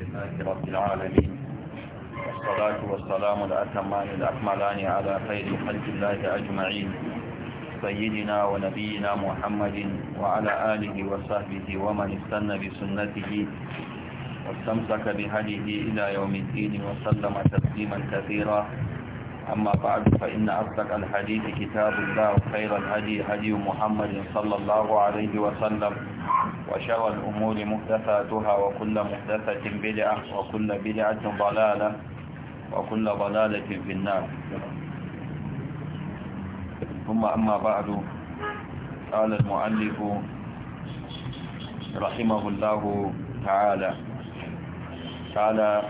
لله رب العالمين والصلاة والسلام الأتمان الأكملان على خير خلق الله أجمعين سيدنا ونبينا محمد وعلى آله وصحبه ومن استنى بسنته واستمسك بهديه إلى يوم الدين وسلم تسليما كثيرا أما بعد فإن أصدق الحديث كتاب الله خير الهدي هدي محمد صلى الله عليه وسلم وشر الأمور محدثاتها وكل محدثة بدعة وكل بدعة ضلالة وكل ضلالة في النار ثم أما بعد قال المؤلف رحمه الله تعالى قال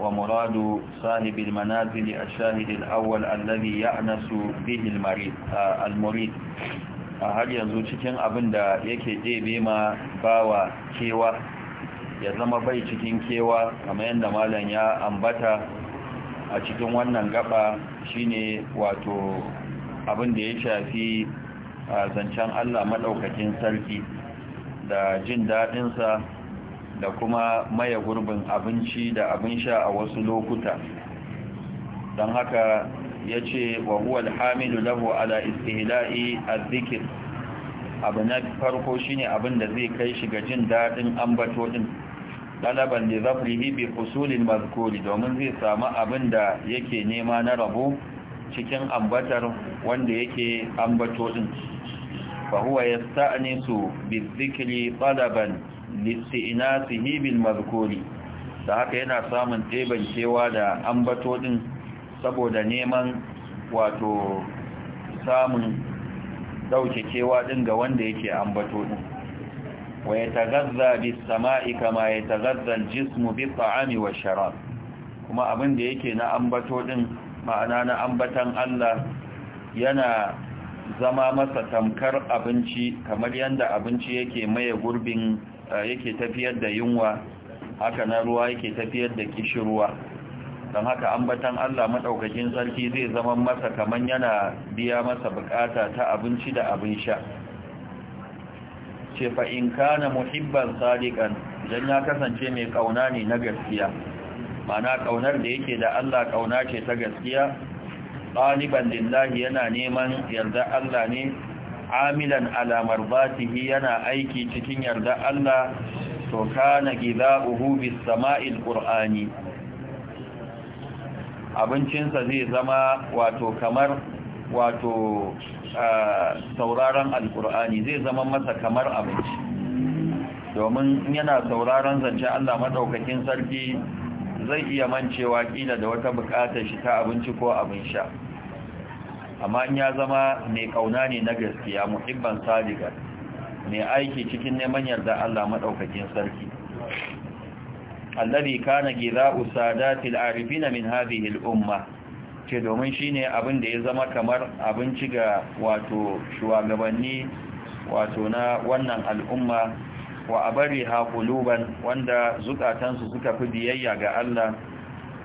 ومراد صاحب المنازل الشاهد الأول الذي يأنس به المريض آه، المريض a har yanzu cikin abin da yake ɗebe ma bawa kewa ya zama bai cikin kewa kamar yadda malam ya ambata a cikin wannan gaba shine wato abin da ya shafi a zancen Allah maɗaukakin sarki da jin daɗinsa da kuma maye gurbin abinci da abin sha a wasu lokuta don haka yace wa huwa alhamidu lahu ala istihla'i adh-dhikr abu na farko shine abin da zai kai shi ga jin dadin ambato din dalaban li zafrihi bi husulil mazkuri domin zai samu abin da yake nema na rabo cikin ambatar wanda yake ambato din fa huwa yasta'nisu bi dhikri talaban li isti'nasihi bil mazkuri da haka yana samun tebancewa da ambato din saboda neman wato samun dauke kewa din ga wanda yake ambato din wa yatagazza bis sama'i kama yatagazza al jismu bi ta'ami wa sharab kuma abin da yake na ambato din ma'ana na ambatan Allah yana zama masa tamkar abinci kamar yanda abinci yake maye gurbin eh, yake tafiyar da yunwa haka na ruwa yake tafiyar da kishirwa don haka ambatan Allah maɗaukakin sarki zai zama masa kamar yana biya masa bukata ta abinci da abin sha ce fa’in kana muhibban sadiqan don ya kasance mai ƙauna ne na gaskiya mana ƙaunar da yake da Allah ƙauna ce ta gaskiya ɗaliban lillahi yana neman yarda Allah ne amilan alamar batihi yana aiki cikin yarda Allah to kana uhu bis sama'il qur'ani abincinsa zai zama wato kamar wato sauraron alkur'ani zai zama masa kamar abinci domin yana sauraron zance Allah maɗaukakin sarki zai iya mancewa kila da wata bukatar shi ta abinci ko abin sha amma in ya zama mai ƙauna ne na gaskiya muhibban sadiga mai aiki cikin neman yarda Allah maɗaukakin sarki alladhi kana gida'u usadatil arifina min hadhihi al-umma ce domin shine abin da ya zama kamar abinci ga wato shugabanni wato na wannan al'umma wa abariha quluban wanda zukatansu suka fi biyayya ga Allah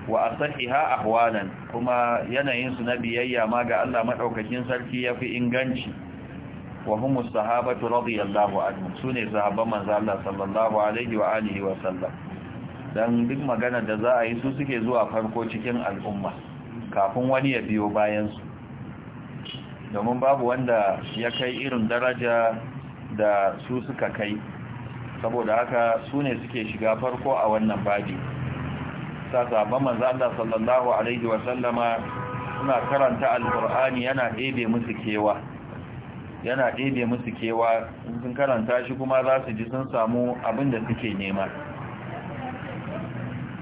wa asahiha ahwalan kuma yanayinsu na biyayya ma ga Allah madaukakin sarki yafi inganci wa humu sahabatu radiyallahu anhum sune sahabban manzo Allah sallallahu alaihi wa alihi wa sallam don duk magana da za a yi su suke zuwa farko cikin al'umma kafin wani ya biyo bayansu domin babu wanda ya kai irin daraja da su suka kai saboda haka su ne suke shiga farko a wannan babi sa sabon manzanda sallallahu alaihi wasallama suna karanta alkur'ani yana ɗebe musu kewa yana ɗebe musu kewa sun karanta shi kuma za su ji sun samu abin da suke nema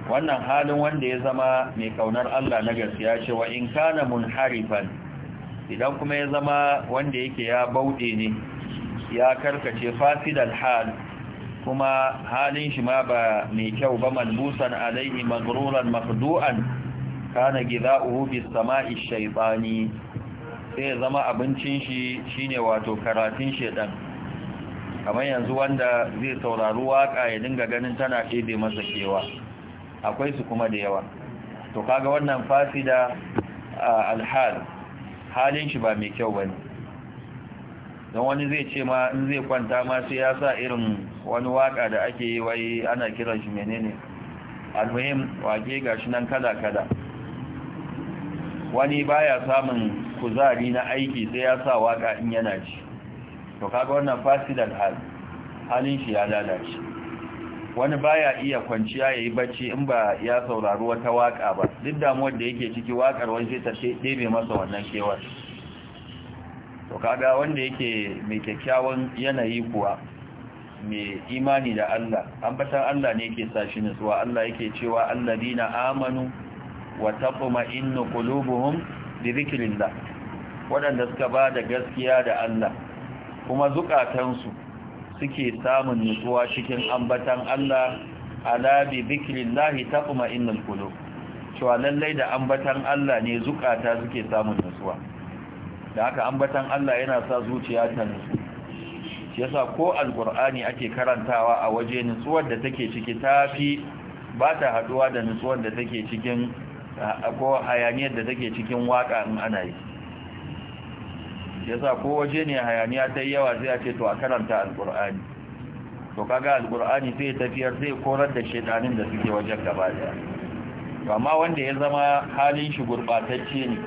wannan halin wanda ya zama mai kaunar Allah na gaskiya ce wa in kana munharifan idan kuma ya zama wanda yake ya bauɗe ne ya karkace fasidal hal kuma halin shi ma ba mai kyau ba malbusan alaihi magruran mafdu'an kana gida'uhu bis sama'i shaytani sai ya zama abincin shi shine wato karatun shedan kamar yanzu wanda zai saurari waka ya dinga ganin tana kebe masa kewa akwai su kuma da yawa to kaga wannan fasida alhal halin shi ba mai kyau bane don wani zai ce ma in zai kwanta ma sai ya sa irin wani waka da ake yi wai ana kiran shi menene almuhim wake gashi nan kada kada wani baya samun kuzari na aiki sai ya sa waka in yana ci to kaga wannan fasida alhal halin shi ya lalace wani baya iya kwanciya yayi bacci in ba ya saurari wata waka ba duk damuwar da yake ciki wakar wani sai ta ɗebe masa wannan kewar to kaga wanda yake mai kyakkyawan yanayi kuwa mai imani da Allah ambatan Allah ne yake sa shi nutsuwa Allah yake cewa alladina amanu wa taqma'innu qulubuhum bi dhikrillah wadanda suka ba da gaskiya da Allah kuma zukatansu suke samun nutsuwa cikin ambatan Allah ala bi kuma Innal qulub cewa lallai da ambatan Allah ne zukata suke samun nutsuwa da haka ambatan Allah yana sa zuciya ta nutsu shi yasa ko alqur'ani ake karantawa a waje nutsuwar da take ciki tafi ba ta haduwa da nutsuwar da take cikin ko hayaniyar da take cikin waka in ana yi yasa ko waje ne hayaniya ta yawa sai a ce to a karanta alkur'ani to kaga alkur'ani sai tafiyar sai korar da shedanin da suke wajen gaba daya amma wanda ya zama halin shi gurbatacce ne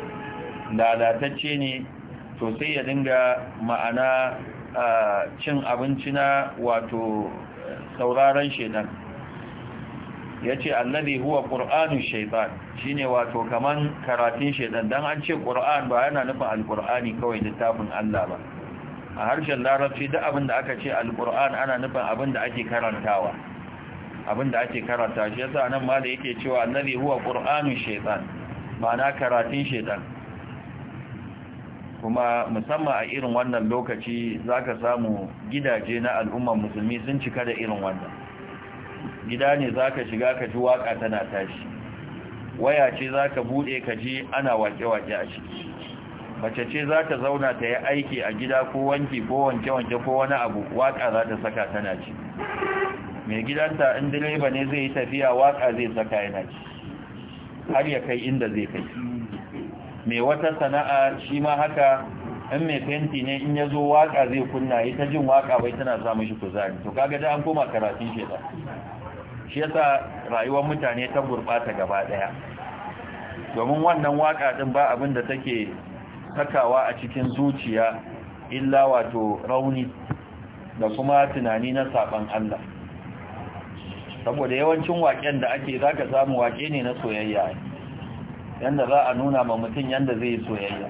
lalatacce ne to sai ya dinga ma'ana ah, cin abinci na wato eh, sauraron shedan ya ce annabi huwa ƙur'anun shaitan shi ne wato kaman karatun shaitan don an ce ƙur'an ba yana nufin alƙur'ani kawai littafin allah ba a harshen larabci duk abin da aka ce alƙur'an ana nufin abin da ake karantawa abin da ake karanta shi yasa nan ma da yake cewa annabi huwa ƙur'anun shaitan ma'ana karatun shaitan kuma musamman a irin wannan lokaci zaka samu gidaje na al'ummar musulmi sun cika da irin wannan gida ne za ka shiga ka ji waka tana tashi waya ce za ka buɗe ka ji ana wake-wake a ciki mace ce za ta zauna ta yi aiki a gida ko wanki ko wanke-wanke ko wani abu waka za ta saka tana ci mai gidanta in direba ne zai yi tafiya waka zai saka yana ci har ya kai inda zai kai mai wata sana'a shi ma haka in mai fenti ne in ya zo waka zai kunna ita jin waka bai tana samun shi kuzari to kaga da an koma karatun ba. shi yasa rayuwar mutane ta gurɓata gaba ɗaya domin wannan waka ɗin ba abin da take sakawa a cikin zuciya illa wato rauni da kuma tunani na saɓan Allah saboda yawancin waƙen da ake za ka samu waƙe ne na soyayya yadda za a nuna ma mutum yadda zai yi soyayya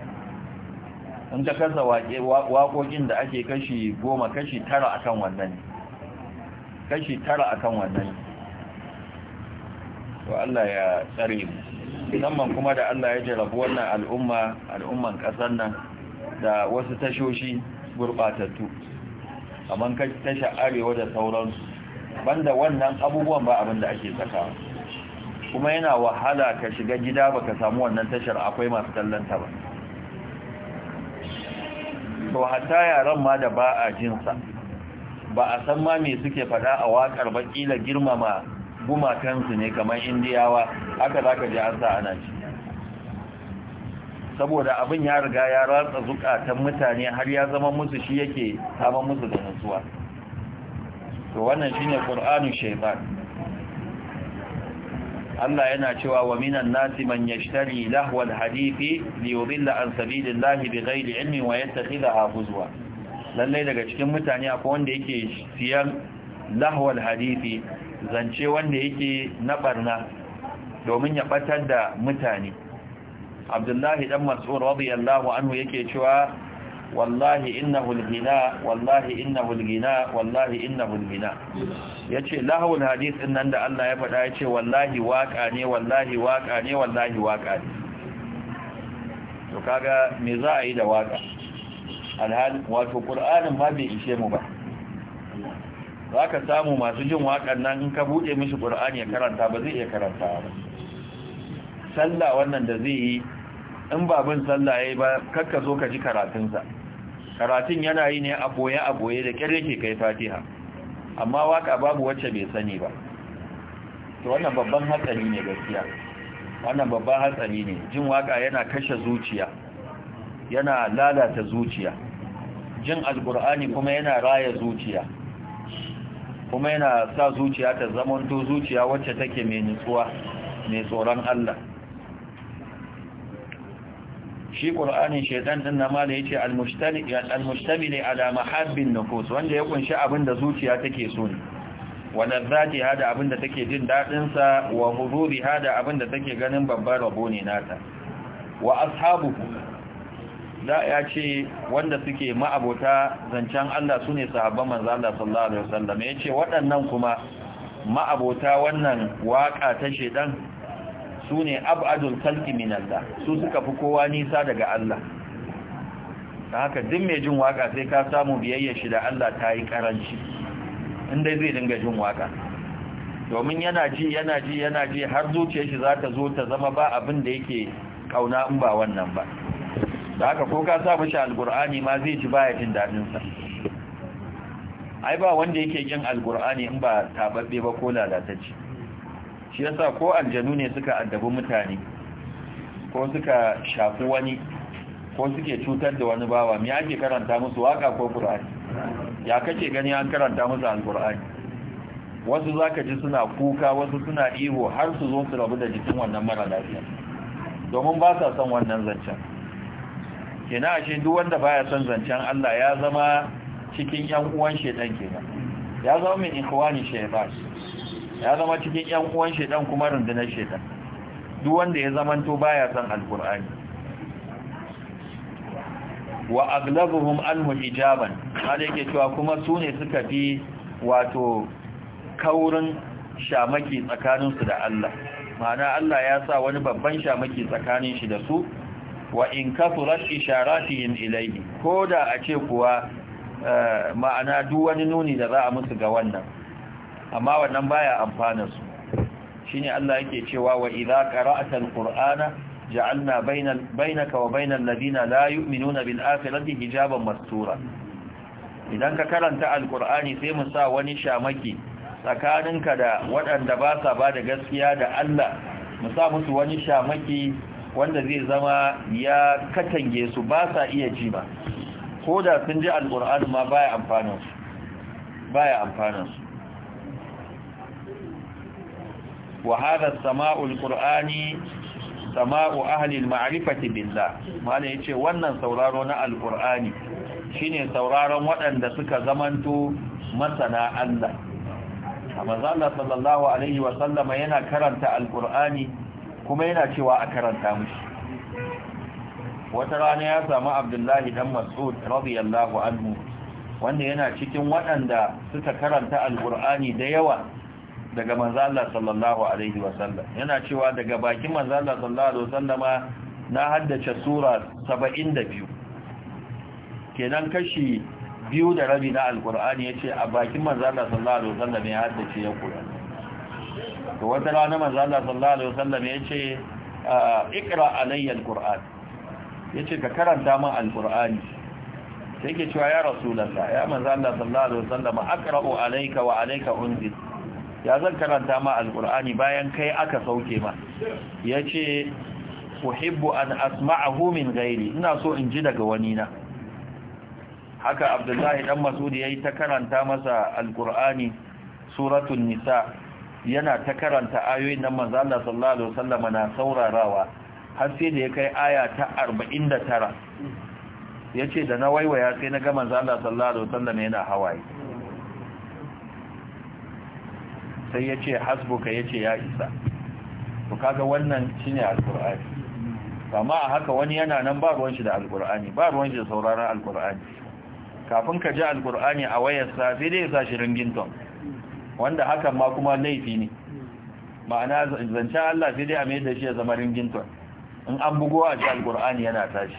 in ka kasa waƙoƙin da ake kashi goma kashi tara akan wannan kashi tara akan wannan to Allah ya tsare mu musamman kuma da Allah ya jarabu wannan al'umma al'umman ƙasar nan da wasu tashoshi gurɓatattu kamar tasha arewa da sauransu banda wannan abubuwan ba abin da ake sakawa kuma yana wahala ka shiga gida baka samu wannan tashar akwai masu tallanta ba to hatta yaran ma da ba a jinsa ba a san ma me suke faɗa a waƙar ba kila girmama gumakansu ne kamar indiyawa haka za ka ji an sa ana ci saboda abin ya riga ya ratsa zukatan mutane har ya zama musu shi yake saman musu da nutsuwa to wannan shine qur'anu shaytan Allah yana cewa wa minan nasi man yashtari lahwal hadithi li yudilla an sabilillahi bighairi ilmin wa yattakhidha huzwa Lallai daga cikin mutane akwai wanda yake siyan lahwal hadithi zance wanda yake na barna domin ya batar da mutane abdullahi dan mas'ud radiyallahu anhu yake cewa wallahi innahu al-ghina wallahi innahu al-ghina wallahi innahu al-ghina yace lahul hadith din nan da Allah ya faɗa yace wallahi waka ne wallahi waka ne wallahi waka ne to kaga me za a yi da waka alhal wato qur'anin ma bai ishe mu ba za ka samu masu jin waƙan nan in ka buɗe mishi ƙur'ani ya karanta ba zai iya karanta ba sallah wannan da zai yi in babin sallah ya yi ba kakka zo ka ji karatunsa karatun yana yi ne a boye a boye da ƙyar yake kai fatiha amma waƙa babu wacce bai sani ba to wannan babban hatsari ne gaskiya wannan babban hatsari ne jin waƙa yana kashe zuciya yana lalata zuciya jin Alƙur'ani kuma yana raya zuciya kuma yana sa zuciya ta zamanto zuciya wacce take mai nutsuwa mai tsoron Allah shi ƙur'anin shaytan ɗin na ma da ya ce almustamili ala mahabbin nufus wanda ya kunshi abinda da zuciya take so ne wadda zati hada abin da take jin daɗinsa wa hururi hada abin da take ganin babbar rabo ne nata wa ashabu da ya ce wanda suke ma'abota zancen Allah su ne sahabban manzo Allah sallallahu alaihi wasallam ya ce waɗannan kuma ma'abota wannan waƙa ta shedan su ne ab'adul khalqi min Allah su suka fi kowa nisa daga Allah Ta haka duk mai jin waƙa sai ka samu biyayya shi da Allah ta yi karanci inda zai dinga jin waƙa domin yana ji yana ji yana ji har zuciyar shi za ta zo ta zama ba abin da yake kauna in ba wannan ba da haka ko ka sa mishi alkur'ani ma zai ji baya jin sa. ai ba wanda yake jin alkur'ani in ba taɓaɓɓe ba ko lalatacce shi yasa ko aljanu ne suka addabi mutane ko suka shafi wani ko suke cutar da wani bawa me yake karanta musu waka ko qur'ani ya kace gani an karanta musu alkur'ani wasu zaka ji suna kuka wasu suna ihu har su zo su rabu da jikin wannan mara lafiya domin ba sa son wannan zancen kina ashe duk wanda baya son zancen Allah ya zama cikin yan uwan shedan kenan ya zama min ikhwani shaytan ya zama cikin yan uwan shedan kuma rundunar shedan duk wanda ya zamanto baya son alqur'ani wa aglabuhum anhu ijaban hada yake cewa kuma sune suka fi wato kaurin shamaki tsakaninsu da Allah ma'ana Allah ya sa wani babban shamaki tsakanin shi da su wa in kafurat isharatihim ilayhi koda a ce kuwa eh, ma'ana duk wani nuni da za a musu ga wannan amma wannan baya amfana su shine Allah yake cewa wa idza qara'ta alqur'ana ja'alna bainal bainaka wa bainal ladina la yu'minuna bil akhirati hijaban mastura idan ka karanta alqur'ani sai mu sa wani shamaki tsakaninka da waɗanda ba sa ba da gaskiya da Allah mu sa musu wani shamaki wanda zai zama ya katange su ba sa iya ji ba ko da sun ji alƙur'ani ma baya amfanin su baya amfanin su sama'ul qur'ani sama'u ahli al-ma'rifati billah malai wannan sauraro na alur'ani shine sauraron waɗanda suka zamanto masana Allah amma Allah sallallahu alaihi wa sallama yana karanta al kuma yana cewa a karanta mushi wata rana ya samu abdullahi dan mas'ud radiyallahu anhu wanda yana cikin waɗanda suka karanta alkur'ani da yawa daga manzala sallallahu alaihi wasallam yana cewa daga bakin manzala sallallahu alaihi sallam na haddace sura 72 kenan kashi biyu da rabi na alkur'ani yace a bakin manzala sallallahu alaihi wasallam ya haddace ya kula to wata rana manzo Allah sallallahu alaihi wasallam yace ikra alayya alquran yace ka karanta min alqurani sai ke cewa ya rasulullah ya manzo Allah sallallahu alaihi wasallam aqra'u alayka wa alayka unzil ya zan karanta ma alqurani bayan kai aka sauke ma yace uhibbu an asma'ahu min ghairi ina so in ji daga wani na haka abdullahi dan masudi yayi ta karanta masa alqurani suratul nisa yana ta karanta ayoyin nan manzo Allah sallallahu alaihi wasallam na saurarawa har sai da ya kai aya ta 49 yace da na waiwaya sai na ga manzo Allah sallallahu alaihi wasallam yana hawaye sai yace hasbuka yace ya isa to kaga wannan shine alqur'ani amma a haka wani yana nan ba ruwan shi da alqur'ani ba ruwan shi da sauraron alqur'ani kafin ka ji alqur'ani a wayarsa sai dai ya sa shi ringington wanda hakan ma kuma laifi ne ma'ana zancen Allah sai dai a mai da shi ya zama ringinton in an bugo a cikin alkur'ani yana tashi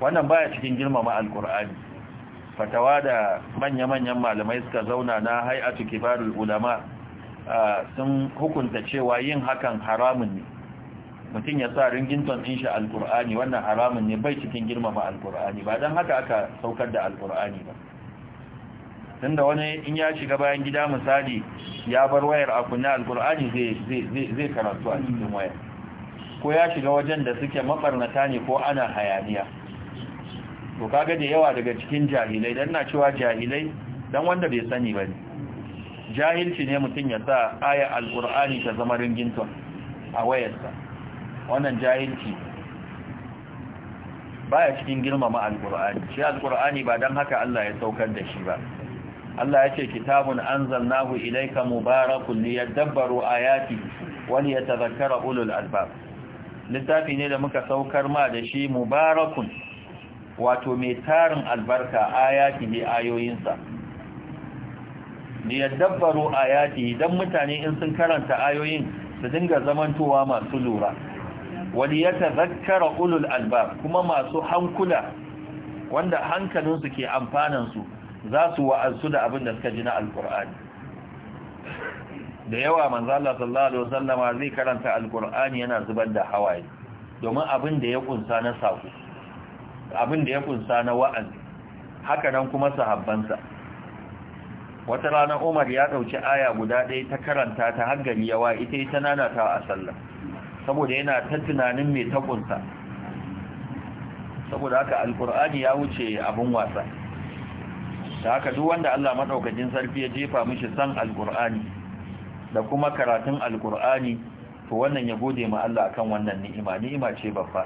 wannan baya cikin girmama alkur'ani fatawa da manya-manyan malamai suka zauna na hay'atu kibarul ulama sun hukunta cewa yin hakan haramun ne mutum ya sa ringinton din shi alkur'ani wannan haramun ne bai cikin girmama alkur'ani ba don haka aka saukar da alkur'ani ba tunda wani in ya shiga bayan gida misali ya bar wayar a kunna alkur'ani zai karatu a cikin wayar ko ya shiga wajen da suke mafarnata ne ko ana hayaniya to kaga da yawa daga cikin jahilai dan na cewa jahilai dan wanda bai sani ba jahilci ne mutum ya sa aya alkur'ani ta zama ringinton a wayarsa wannan jahilci baya cikin girmama alkur'ani shi alkur'ani ba dan haka Allah ya saukar da shi ba Allah ya ce kitabun anzalnahu ilayka mubarakun liyadabbaru ayati wa liyatadhakkara ulul albab littafi ne da muka saukar ma da shi mubarakun wato mai tarin albarka ayati ne ayoyinsa liyadabbaru ayati dan mutane in sun karanta ayoyin su dinga zamantowa masu lura wa liyatadhakkara ulul albab kuma masu hankula wanda hankalinsu ke amfanan su za su wa'ansu da abin da suka ji na Alƙur'ani. da yawa manzo Allah sallallahu alaihi wasallama zai karanta Alƙur'ani yana zubar da hawaye domin abin da ya kunsa na sako abin da ya kunsa na wa'azi haka nan kuma sahabbansa wata rana Umar ya dauki aya guda ɗaya ta karanta ta har gari yawa ita ita nana ta a sallah saboda yana ta tunanin me ta kunsa saboda haka Alƙur'ani ya wuce abin wasa da haka duk wanda Allah madaukakin sarfi ya jefa mishi san alqur'ani da kuma karatun alqur'ani to wannan ya gode ma Allah akan wannan ni'ima ni'ima ce babba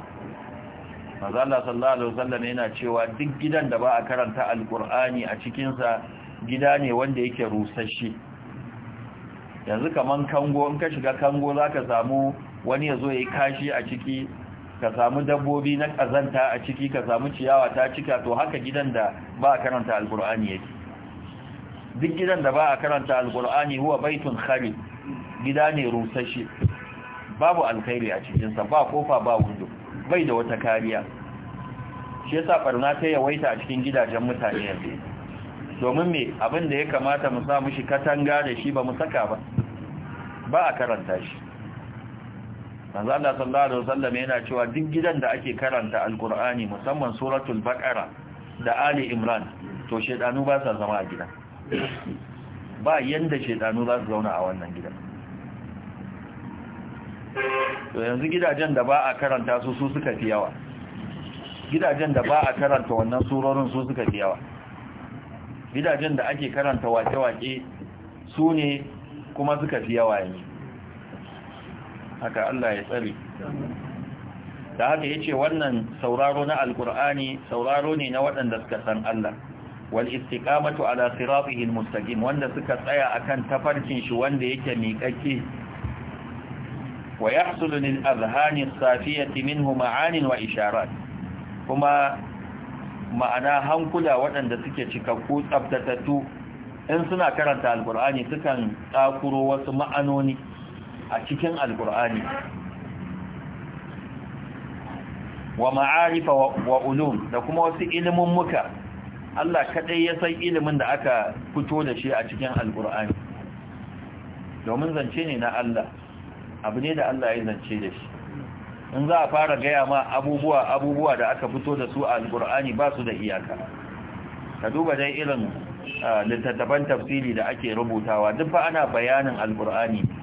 manzo Allah sallallahu alaihi wasallam yana cewa duk gidan da ba a karanta alqur'ani a cikin sa gida ne wanda yake rusasshe yanzu kaman kango in ka shiga kango zaka samu wani yazo yayi kashi a ciki ka samu dabbobi na kazanta a ciki ka samu ciyawa ta cika to haka gidan da ba a karanta alkur'ani yake duk gidan da ba a karanta alkur'ani huwa baitun khari gida ne rusashe babu alkhairi a cikinsa ba kofa ba wundo bai da wata kariya shi yasa barna ta yawaita a cikin gidajen mutane yanzu domin me abin da ya kamata mu sa mushi katanga da shi ba mu saka ba ba a karanta shi manzo Allah sallallahu alaihi wasallam yana cewa duk gidan da ake karanta alqur'ani musamman suratul baqara da ali imran to shedanu ba sa zama a gidan ba yanda shedanu za su zauna a wannan gidan to yanzu gidajen da ba a karanta su su suka fi yawa gidajen da ba a karanta wannan surorin su suka fi yawa gidajen da ake karanta wace-wace su ne kuma suka fi yawa yanzu haka Allah ya tsare da haka yace wannan sauraro na alkur'ani sauraro ne na waɗanda suka san Allah wal istiqamatu ala siratihi almustaqim wanda suka tsaya akan tafarkin shi wanda yake miƙaƙe wa yahsulu lil azhani safiyati minhu ma'anin wa isharat kuma ma'ana hankula waɗanda suke cikakku tsaftatattu in suna karanta alkur'ani sukan tsakuro wasu ma'anoni a cikin alkur'ani wa ma'arifa wa ulum da kuma wasu ilimin muka Allah kadai ya san ilimin da aka fito da shi a cikin alkur'ani domin zance ne na Allah abu ne da Allah ya zance da shi in za a fara gaya ma abubuwa abubuwa da aka fito da su a alkur'ani ba su da iyaka ka duba dai irin ah, littattafan tafsiri da ake rubutawa duk fa ana bayanin alkur'ani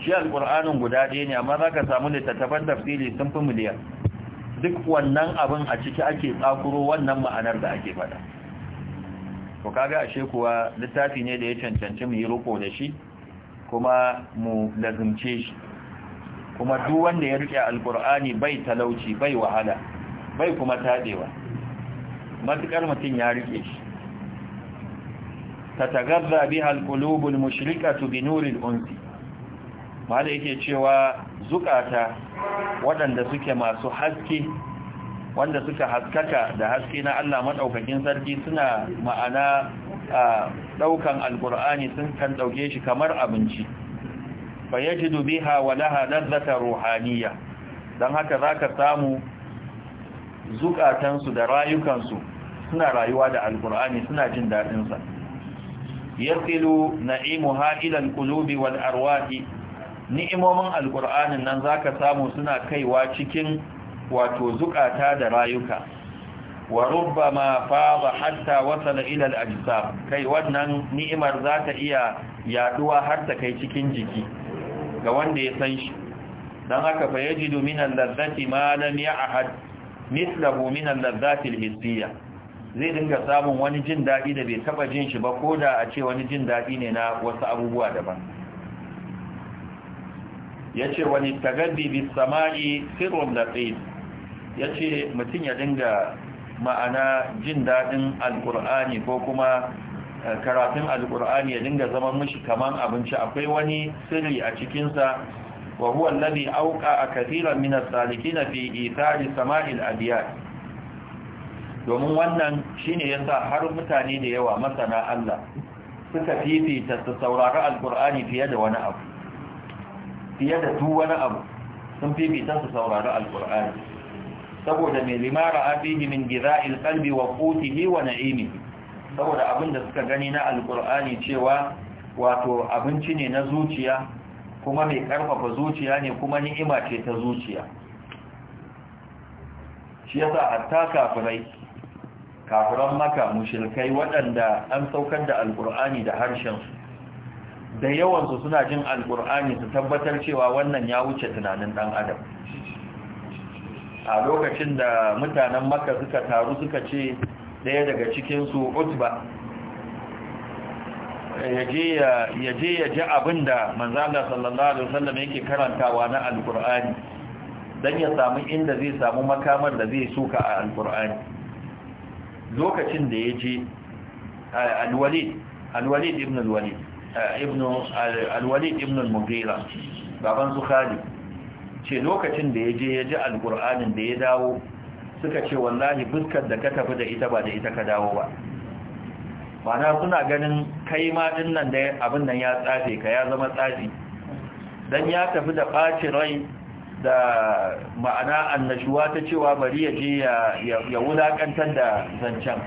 shi alƙur'anin guda ɗaya ne amma za ka samu littattafan tafsiri sun fi miliyan duk wannan abin a ciki ake tsakuro wannan ma'anar da ake faɗa to kaga ashe kuwa littafi ne da ya cancanci mu yi riko da shi kuma mu lazimce shi kuma duk wanda ya rike Alƙur'ani bai talauci bai wahala bai kuma tadewa matukar mutum ya rike shi ta biha alqulubul mushrikatu bi nuril unsi mala yake cewa zukata waɗanda suke masu haske wanda suka haskaka da haske na Allah maɗaukakin sarki suna ma'ana a ɗaukan alƙur'ani sun kan ɗauke shi kamar abinci fa yajidu biha wa laha ladzata ruhaniyya Don haka zaka samu zukatansu da rayukansu suna rayuwa da alƙur'ani suna jin daɗinsa. sa yasilu na'imuha ila alqulubi wal arwahi ni'imomin alkur'anin nan za ka samu suna kaiwa cikin wato zukata da rayuka wa ma fada hatta wasala ila al kai wannan ni'imar za ta iya yaduwa har ta kai cikin jiki ga wanda ya san shi dan haka fa yajidu min al-ladzati ma lam ya'had mithluhu min al al zai dinga samun wani jin daɗi da bai taba jin shi ba da a ce wani jin daɗi ne na wasu abubuwa daban yace wani tagaddi bis sama'i sirrun ya yace mutum ya dinga ma'ana jin daɗin Alƙur'ani ko kuma eh, karatun Alƙur'ani ya dinga zaman mishi kamar abinci akwai wani sirri a cikin sa wa huwa alladhi awqa'a kathiran min as-salikin fi ithari sama'il adiyat domin wannan shine yasa har mutane da yawa masana Allah suka fifita su saurari alqur'ani fiye da wani abu fiye da duk wani abu sun fifita su saurari alkur'ani saboda mai limara abihi min giza'il qalbi wa qutihi wa na'imi saboda abin da suka gani na alkur'ani cewa wato abinci ne na zuciya kuma mai karfafa zuciya ne kuma ni'ima ce ta zuciya shi yasa hatta kafirai kafiran maka mushrikai waɗanda an saukar da alkur'ani da harshen su da yawansu suna jin alkur'ani su tabbatar cewa wannan ya wuce tunanin ɗan adam a lokacin da mutanen makka suka taru suka ce daya daga cikinsu utba ya je ya ji abin da manzana sallallahu alaihi wasallam yake karantawa na Alƙur'ani, don ya samu inda zai samu makamar da zai suka a Alƙur'ani. lokacin da ya je alwalid alwalid ibn alwalid ibn al-walid ibn al-mughira baban su ce lokacin da yaje yaji al-qur'anin da ya dawo suka ce wallahi buskar da ka tafi da ita ba da ita ka dawo ba bana suna ganin kai ma din nan da abin nan ya tsafe ka ya zama tsafi dan ya tafi da ɓacin rai da ma'ana annashuwa ta cewa bari ya je ya wulakantar da zancen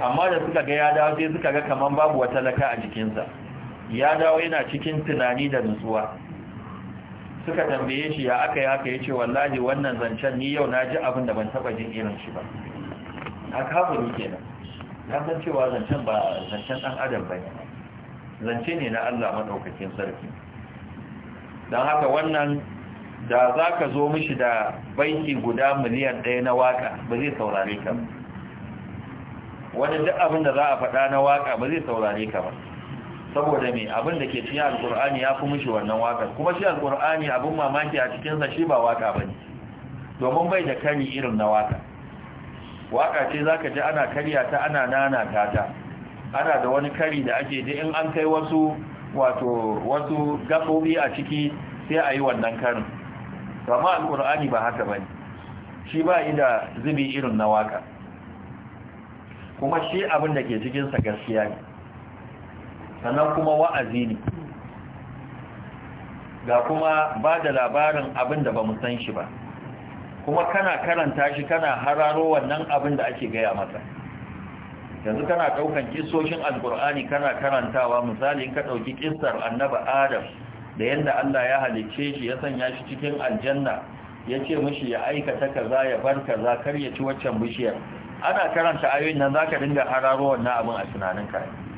amma da suka ga ya dawo sai suka ga kaman babu wata laka a jikinsa ya dawo yana cikin tunani da nutsuwa suka tambaye shi ya aka ya aka ya ce wallahi wannan zancen ni yau na ji abin da ban taba jin irin shi ba a kafin kenan ya san cewa zancen ba zancen ɗan adam ba zance ne na Allah madaukakin sarki don haka wannan da za ka zo mishi da banki guda miliyan ɗaya na waka ba zai saurare ka ba wani duk abin da za a faɗa na waka ba zai saurare ka ba saboda me abin da ke cikin alkur'ani ya fi mishi wannan wakar kuma shi alkur'ani abin mamaki a cikinsa shi ba waka ba ne domin bai da kari irin na waka waka ce za ka ji ana kariya ta ana nana ta ta, ana da wani kari da ake ji in an kai wasu wato wasu gaɓoɓi a ciki sai a yi wannan karin amma alkur'ani ba haka ba ne shi ba da zubi irin na waka kuma shi abin da ke cikinsa gaskiya ne sannan kuma wa'azi ne ga kuma ba da labarin abin da ba san shi ba kuma kana karanta shi kana hararo wannan abin da ake gaya masa yanzu kana ɗaukan kisoshin alkur'ani kana karantawa misali in ka ɗauki kistar Annabi, adam da yadda allah ya halicce shi ya sanya shi cikin aljanna ya ce mishi ya aikata kaza ya bar kaza kar ya ci waccan bishiyar ana karanta ayoyin nan za ka dinga hararo wannan abin a tunanin tunaninka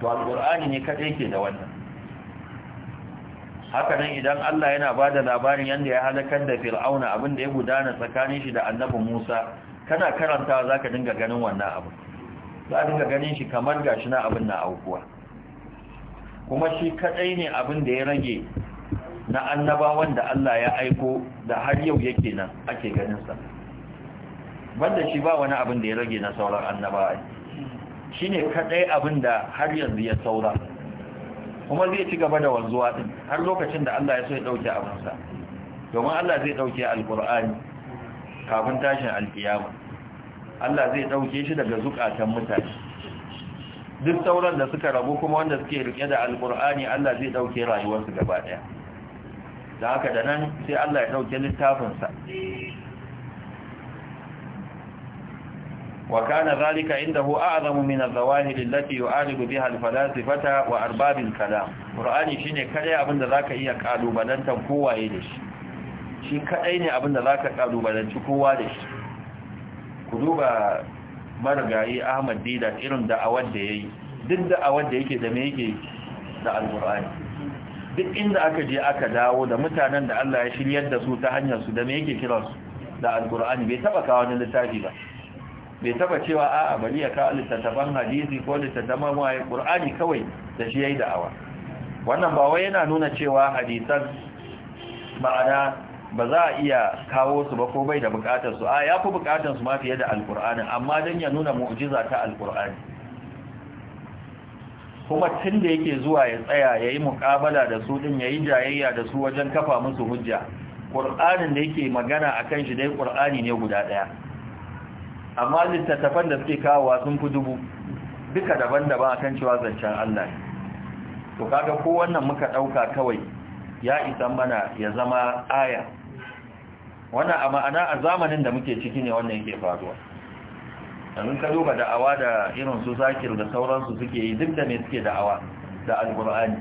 to alqur'ani ne kadai ke da wannan haka nan idan Allah yana bada labarin yanda ya halakar da fir'auna abin da ya gudana tsakanin shi da annabi Musa kana karantawa zaka dinga ganin wannan abu za dinga ganin shi kamar gashi na abin na aukuwa kuma shi kadai ne abin da ya rage na annabawan da Allah ya aiko da har yau yake nan ake ganin sa banda shi ba wani abin da ya rage na sauran annabawa Shi ne kadai abin da har yanzu ya saura kuma zai ci gaba da wanzuwa din har lokacin da Allah ya so ya dauke abinsa domin Allah zai dauke alqur'ani kafin tashin alƙiyama. Allah zai dauke shi daga zukatan mutane duk sauran da suka rabu kuma wanda suke rike da alqur'ani Allah zai ɗauke rayuwarsu gaba daya da haka da nan sai Allah ya dauke littafinsa وكان ذلك عنده اعظم من الظواهر التي يعالج بها الفلاسفه وارباب الكلام قراني شنو كدي abinda zaka iya kalubalantan kowa yayin shi shi kadai ne abinda zaka kalubalanci kowa da shi ku duba margayi ahmad dida irin da awad da yayi duk da awad da yake duk inda aka je aka dawo da mutanen da Allah ya shiryar da su ta hanyar su da me yake kira da alqurani bai taba kawo ne littafi ba bai taba cewa a'a bari ya kawo littattafan hadisi ko littattafan waye qur'ani kawai da shi yayi da'awa wannan ba wai yana nuna cewa hadisan ma'ana ba za a iya kawo su ba ko bai da bukatar su a yafi bukatar su ma fiye da alqur'ani amma dan ya nuna mu'jiza ta alqur'ani kuma tun da yake zuwa ya tsaya ya yi muƙabala da su din ya yi jayayya da su wajen kafa musu hujja ƙur'anin da yake magana a kan shi dai ƙur'ani ne guda ɗaya. amma littattafan da suke kawowa sun fi dubu duka daban-daban a kan cewa zancen Allah ne to kaga ko wannan muka ɗauka kawai ya isa mana ya zama aya wannan a ma'ana a zamanin da muke ciki ne wannan yake faruwa yanzu ka duba da'awa da irin su zakir da sauransu suke yi duk da me suke da'awa da Alƙur'ani.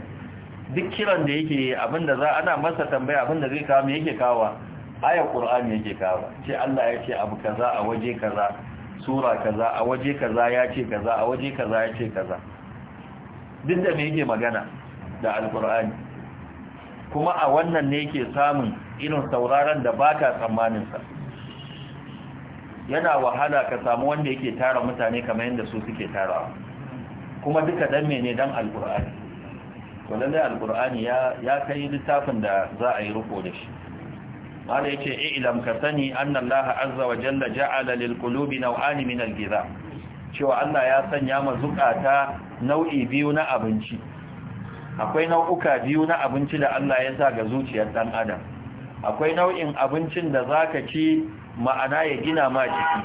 duk kiran da yake abinda za ana masa tambaya abinda zai kawo me yake kawo ayar qur'ani yake kawo ce Allah ya ce abu kaza a waje kaza sura kaza a waje kaza ya ce kaza a waje kaza ya ce kaza duk da me yake magana da alqur'ani kuma a wannan ne yake samun irin sauraron da baka tsammanin sa yana wahala ka samu wanda yake tara mutane kamar yadda su suke tarawa kuma duka dan mene dan alqur'ani wannan lalle alqur'ani ya ya kai littafin da za a yi ruko da shi قال يكي إعلم كثني أن الله عز وجل جعل للقلوب نوعان من الغذاء شو الله ياسن ياما زكاة نوعي بيونا أبنشي akwai nau'uka biyu na abinci da Allah ya sa ga zuciyar dan adam akwai nau'in abincin da zaka ci ma'ana ya gina ma jiki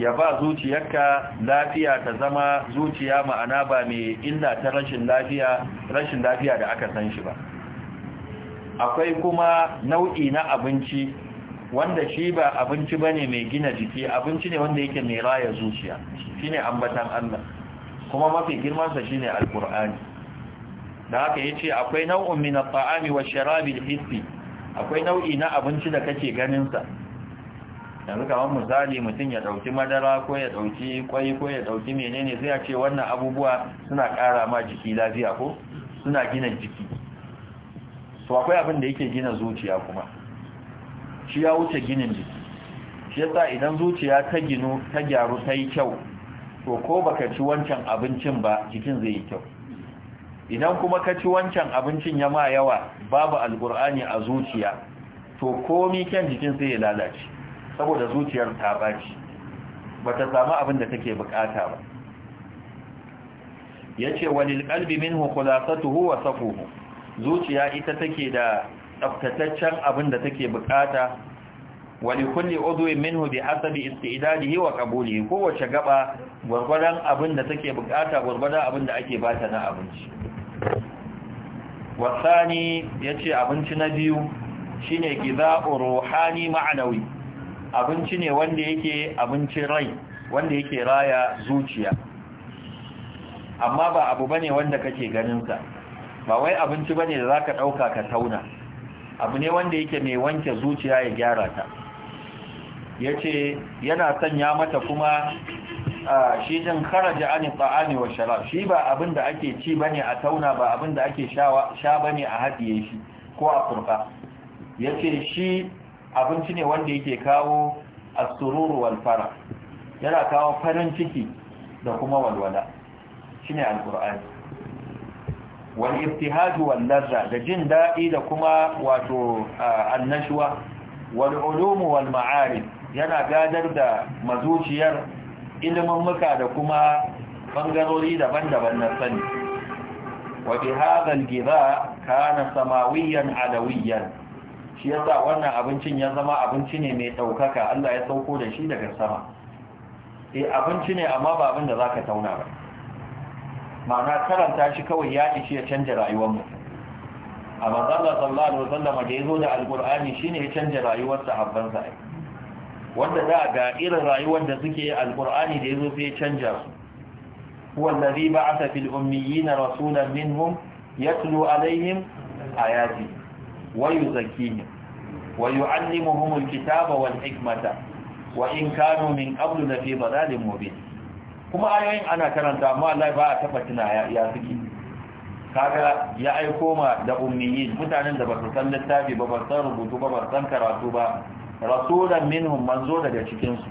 ya ba zuciyarka lafiya ta zama zuciya ma'ana ba mai illa ta rashin lafiya rashin lafiya da aka san shi ba akwai kuma nau'i na abinci wanda shi ba abinci bane mai gina jiki abinci ne wanda yake mai raya zuciya shine ambatan Allah kuma mafi girman sa shine alqur'ani da haka yace akwai nau'un min at-ta'ami sharabi al-hissi akwai nau'i na abinci da kake ganin sa yanzu kamar misali mutum ya dauki madara ko ya dauki kwai ko ya dauki menene sai ya ce wannan abubuwa suna kara ma jiki lafiya ko suna gina jiki to akwai abin da yake gina zuciya kuma shi ya wuce ginin jiki shi yasa idan zuciya ta ginu ta gyaru ta yi kyau to ko baka ci wancan abincin ba jikin zai yi kyau idan kuma ka ci wancan abincin ya ma yawa babu alkur'ani a zuciya to komi kyan jikin sai ya lalace saboda zuciyar ta baci bata samu abin da take bukata ba yace walil qalbi minhu khulasatuhu wa safuhu zuciya ita take da tsaftataccen abin da take bukata wani kulli udwin minhu bi hasabi istidadihi wa qabulihi kowace gaba gurgurdan abin da take bukata gurgurdan abin da ake bata na abinci wasani yace abinci na biyu shine giza'u ruhani ma'anawi abinci ne wanda yake abincin rai wanda yake raya zuciya amma ba abu bane wanda kake ganin sa ba wai abinci bane da zaka dauka ka tauna abu ne wanda yake mai wanke zuciya ya gyara ta yace yana sanya mata kuma shi jin kharaja ani ta'ani wa sharab shi ba abin da ake ci bane a tauna ba abin da ake sha bane a hadiye shi ko a kurka yace shi abinci ne wanda yake kawo as-sururu wal farah yana kawo farin ciki da kuma walwala shine al-qur'ani wal ibtihadu wal da jin daɗi da kuma wato annashuwa wal ulumu wal ma'arif yana gadar da mazuciyar ilimin muka da kuma bangarori daban-daban na sani wa bi hadha al kana samawiyan adawiyan shi yasa wannan abincin ya zama abinci ne mai daukaka Allah ya sauko da shi daga sama eh abinci ne amma ba abin da zaka tauna ba ma'ana karanta shi kawai ya ishe ya canja rayuwar a manzala sallallahu alaihi wasallam da yazo da alkur'ani shine ya canja rayuwar sahabban sa wanda da ga irin rayuwar da suke alkur'ani da zo sai ya canja su huwa alladhi ba'atha fil ummiyina rasulan minhum yatlu alaihim ayati wa yuzakkihim wa yu'allimuhum alkitaba wal hikmata wa in kanu min qablu lafi dhalalin mubin kuma ayoyin ana karanta amma Allah ba a taba tuna ya suke kaga ya aiko ma da ummiyin mutanen da ba su san littafi ba ba san rubutu ba ba san karatu ba rasulan minhum manzo daga cikin su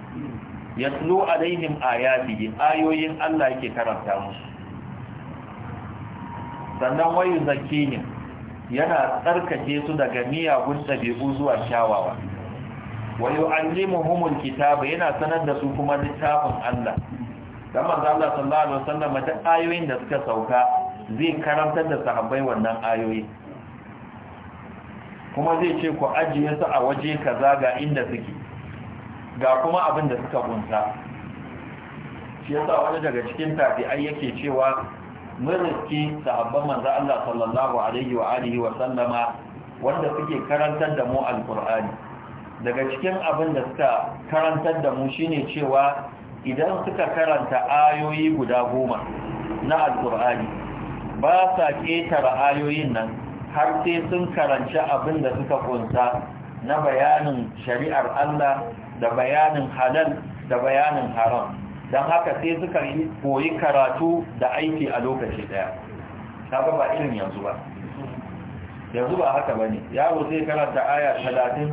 yatlu alaihim ayatihi ayoyin Allah yake karanta musu sannan wayu zakini yana tsarkake su daga miyagun dabi'u zuwa kyawawa wayu allimuhumul kitaba yana sanar da su kuma littafin Allah dan manzo Allah sallallahu alaihi wasallam da ayoyin da suka sauka zai karantar da sahabbai wannan ayoyi kuma zai ce ku ajiye su a waje kaza ga inda suke ga kuma abin da suka bunta shi yasa wani daga cikin ai yake cewa mun sahabban manzo Allah sallallahu alaihi wa alihi wa sallama wanda suke karantar da mu alqur'ani daga cikin abin da suka karantar da mu shine cewa idan suka karanta ayoyi guda goma na alkur'ani ba sa ƙetara ayoyin nan har sai sun karanci abin da suka kunsa na bayanin shari'ar Allah da bayanin halal da bayanin haram don haka sai suka koyi karatu da aiki a lokaci daya ta ba irin yanzu ba yanzu ba haka ba ne yaro zai karanta aya talatin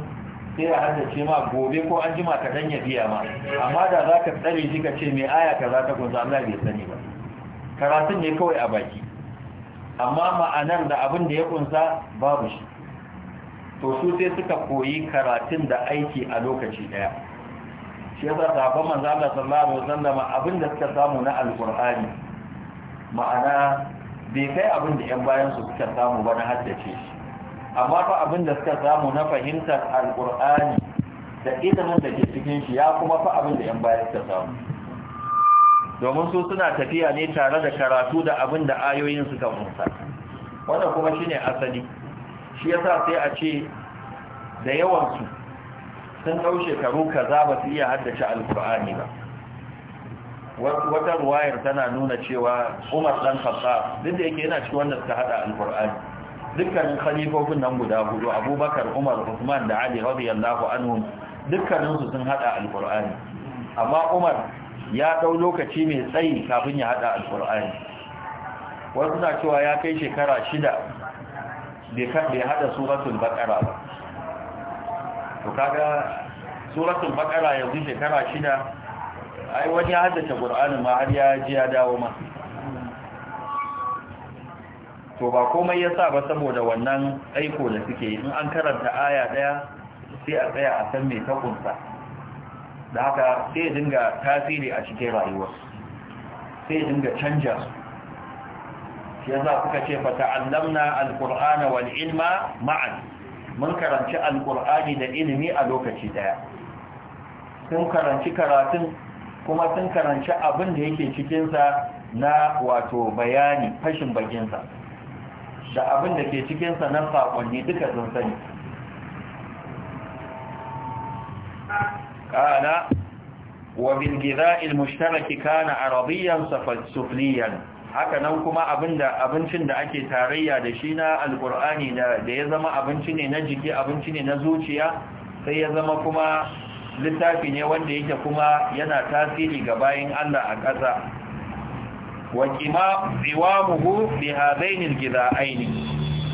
sai a haddace ma gobe ko an jima ka danya biya ma amma da za ka tsare shi ka ce mai aya ka za ta gunza Allah bai sani ba karatun ne kawai a baki amma ma'anar da abin da ya kunsa babu shi to su sai suka koyi karatun da aiki a lokaci daya shi yasa sahabban manzo Allah sallallahu alaihi wasallam abin da suka samu na alqur'ani ma'ana bai kai abin da yan bayan su suka samu ba na haddace shi amma fa abin da suka samu na fahimtar alkur'ani da ilimin da ke cikin shi ya kuma fa abin da yan baya suka samu domin su suna tafiya ne tare da karatu da abin da ayoyin suka musa wannan kuma shine asali shi yasa sai a ce da yawansu sun ɗau shekaru kaza ba su iya haddace alkur'ani ba wata ruwayar tana nuna cewa umar ɗan khattab duk da yake yana cikin wanda suka haɗa alkur'ani dukkanin khalifofin nan guda hudu abubakar umar usman da ali radiyallahu anhum dukkaninsu sun hada alqur'ani amma umar ya dau lokaci mai tsayi kafin ya hada alqur'ani wasu na cewa ya kai shekara shida bai hada suratul baqara ba to kaga suratul baqara yanzu shekara shida ai wani ya haddace qur'anin ma har ya ji ya dawo ma to ba komai yasa ba saboda wannan aiko da suke in an karanta aya daya sai a tsaya a san me ta kunsa da haka sai ya dinga tasiri a cikin rayuwar sai ya dinga canja shi yasa suka ce fa ta'allamna alqur'ana wal ilma ma'an mun karanci alqur'ani da ilimi a lokaci daya sun karanci karatun kuma sun karanci abin da yake cikinsa na wato bayani fashin bakinsa da abin da ke cikinsa na saƙonni duka sun sani قال وبالغذاء المشترك كان عربيا سفليا haka hakanan kuma abincin da ake tarayya da shi na Alƙur'ani da ya zama abinci ne na jiki abinci ne na zuciya sai ya zama kuma littafi ne wanda yake kuma yana tasiri ga bayan Allah a ƙasa وقوامه بهذين الغذاءين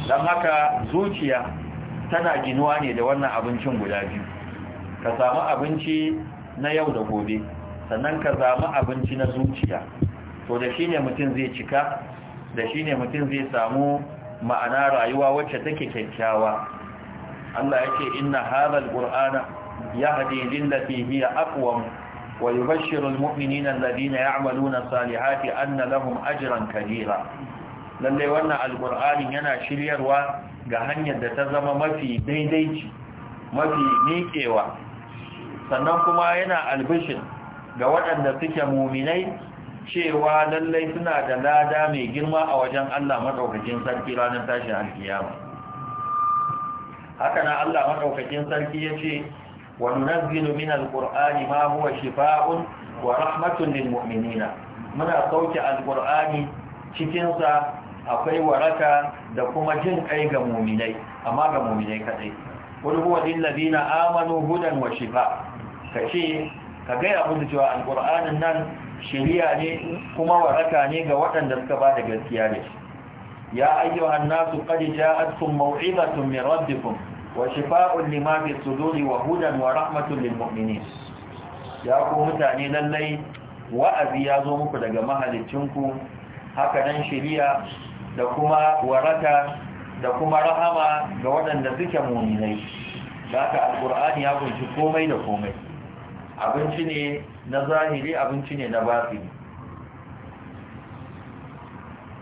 dan haka zuciya tana ginuwa ne da wannan abincin guda biyu ka samu abinci na yau da gobe sannan ka samu abinci na zuciya to da shine mutum zai cika da shine mutum zai samu ma'ana rayuwa wacce take kyakkyawa Allah yake inna hadha alqur'ana yahdi lillati hiya aqwam ويبشر المؤمنين الذين يعملون الصالحات أن لهم أجرا Kabira. Lallai wannan alqur'ani yana shiryarwa ga hanyar da ta zama mafi daidaici mafi miƙewa sannan kuma yana albishin ga waɗanda suke muminai cewa lallai suna da lada mai girma a wajen Allah madaukakin sarki ranar tashin alkiyama haka na Allah maɗaukacin sarki yace وننزل من القرآن ما هو شفاء ورحمة للمؤمنين من صوت القرآن شكنسا akwai waraka da kuma jin kai ga muminai amma ga muminai kadai wani huwa na amanu hudan wa shifa kace ka gaya musu cewa alqur'anin nan shiriya ne kuma waraka ne ga waɗanda suka ba da gaskiya ne ya ayyuhan nasu qad ja'atkum maw'izatun min rabbikum Wa وَشِفَاءٌ لِمَا فِي wa وَهُدًى وَرَحْمَةٌ لِلْمُؤْمِنِينَ ya ku mutane lallai wa'azi ya zo muku daga ku. haka nan shiriya da kuma waraka da kuma rahama ga waɗanda suke mu'minai haka alqur'ani ya kunshi komai da komai abinci ne na zahiri abinci ne na bafi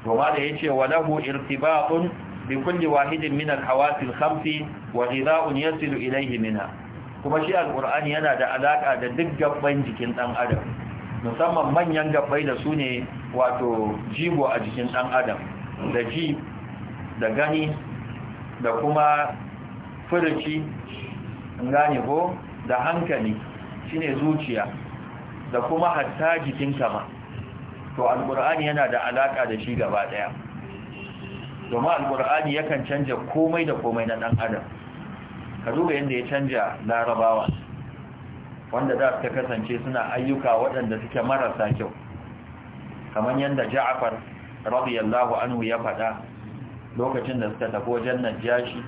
kuma da yace wa lahu irtiba'un بكل واحد من الحواس الخمس وغذاء يصل إليه منها kuma shi alkur'ani yana da alaka da duk gabban jikin dan adam musamman manyan gabbai da su ne wato jigo a jikin dan adam da ji da gani da kuma furuci gane ko da hankali shine zuciya da kuma hatta jikin kama to Alƙur'ani yana da alaƙa da shi gaba ɗaya. domin alkur'ani yakan canja komai da komai na ɗan adam ka duba yadda ya canja larabawa wanda za su kasance suna ayyuka waɗanda suke marasa kyau kamar yadda ja'afar radiyallahu anhu ya faɗa lokacin da suka tafi wajen najashi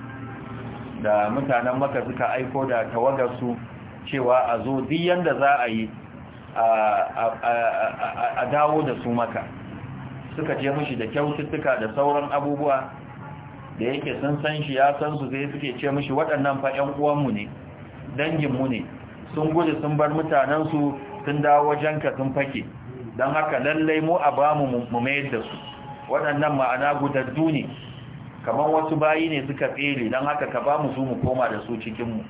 da mutanen maka suka aiko da tawagar su cewa a zo duk yadda za a yi a dawo da su maka suka je mishi da kyaututtuka da sauran abubuwa da yake sun san shi ya san su sai suke ce mishi waɗannan fa ƴan uwanmu ne danginmu ne sun gudu sun bar mutanensu sun dawo wajenka sun fake don haka lallai mu a bamu mu mayar da su waɗannan ma'ana gudaddu ne kamar wasu bayi ne suka tsere don haka ka ba mu su mu koma da su cikinmu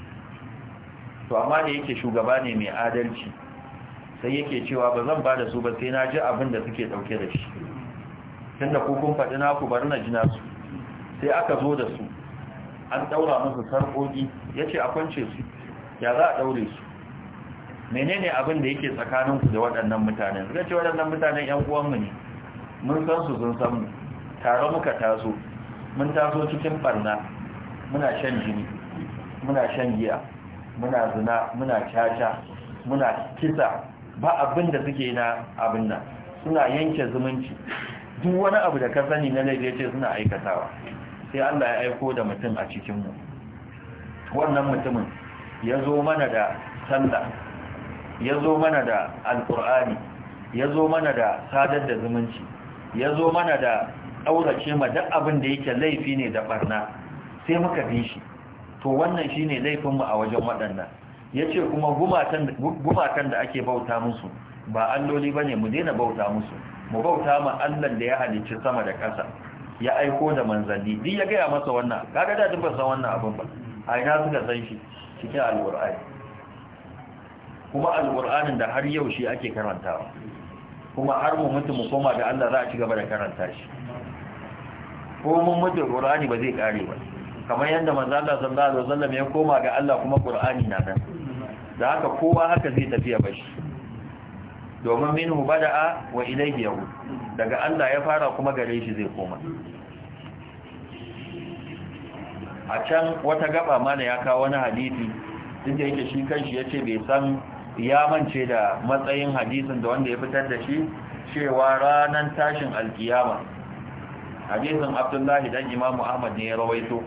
to amma da yake shugaba ne mai adalci sai yake cewa ba zan ba da su ba sai na ji abin da suke ɗauke da shi tun da kukun faɗi naku bari na jina su sai aka zo da su an ɗaura musu sarƙoƙi ya ce a kwance su ya za a ɗaure su menene abin da yake tsakaninku da waɗannan mutanen suka ce waɗannan mutanen ‘yan uwanmu ne mun san su sun san tare muka taso mun taso cikin barna muna shan jini muna shan giya muna zina muna caca muna kisa ba abin da suke na abin nan suna yanke zumunci duk wani abu da ka sani na laifi yace suna aikatawa sai Allah ya aiko da mutum a cikin mu wannan mutumin ya zo mana da sallah ya zo mana da alqur'ani ya zo mana da sadar da zumunci ya zo mana da aurace ma duk abin da yake laifi ne da barna sai muka bi shi to wannan shine laifinmu a wajen waɗannan yace kuma gumatan da ake bauta musu ba alloli ba ne mu daina bauta musu mu bauta ma Allah da ya halicci sama da ƙasa ya aiko da manzanni din ya gaya masa wannan kaga da duk ba san wannan abin ba a ina suka san shi cikin alqur'ani kuma alqur'anin da har yau shi ake karantawa kuma har mu mutu mu koma da Allah za a ci gaba da karanta shi ko mun mutu qur'ani ba zai kare ba kamar yadda manzo Allah sallallahu alaihi wasallam ya koma ga Allah kuma qur'ani na nan da haka kowa haka zai tafiya ba shi. domin minhu bada'a wa ilayhi yau daga Allah ya fara kuma gare shi zai koma a can wata gaba mana ya kawo wani hadisi inda yake shi kanshi yace bai san ya mance da matsayin hadisin da wanda ya fitar da shi cewa ranan tashin alkiyama hadisin Abdullahi dan Imam Ahmad ne ya rawaito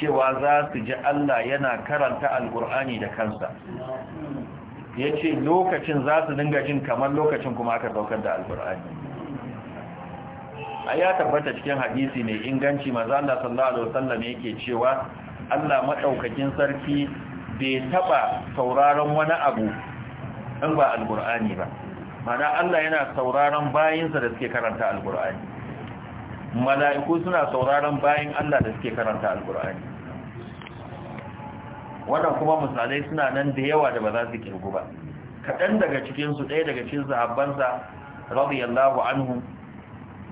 cewa za su ji Allah yana karanta alkur'ani da kansa ya ce lokacin za su dinga jin kamar lokacin kuma aka daukar da alkur'ani a ya tabbata cikin hadisi mai inganci maza Allah sallallahu alaihi yake cewa Allah maɗaukakin sarki bai taɓa sauraron wani abu in ba alkur'ani ba mana Allah yana sauraron bayinsa da suke karanta alkur'ani mala'iku suna sauraron bayan Allah da suke karanta alkur'ani wannan kuma misalai suna nan da yawa da ba za su kirgu ba kaɗan daga cikinsu ɗaya daga cikin sahabbansa radiyallahu anhu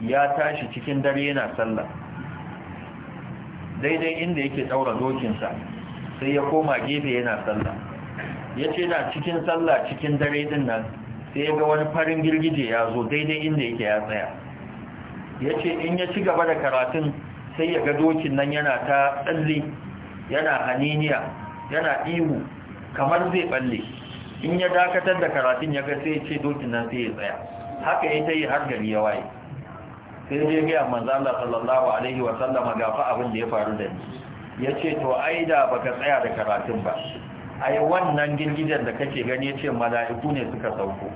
ya tashi cikin dare yana sallah daidai inda yake ɗaura dokinsa sai ya koma gefe yana sallah ya ce na cikin sallah cikin dare din nan sai ya ga wani farin girgije ya zo daidai inda yake ya tsaya ya ce in ya ci gaba da karatun sai ya ga dokin nan yana ta tsalli yana haniniya yana ihu kamar zai balle in ya dakatar da karatun ya ga sai ce dokin nan sai ya tsaya haka ya ta yi har gari ya waye sai zai gaya manzo Allah sallallahu alaihi wa sallam ga fa abin da ya faru da ni yace to ai da baka tsaya da karatun ba ai wannan girgijen da kake gani yace mala'iku ne suka sauko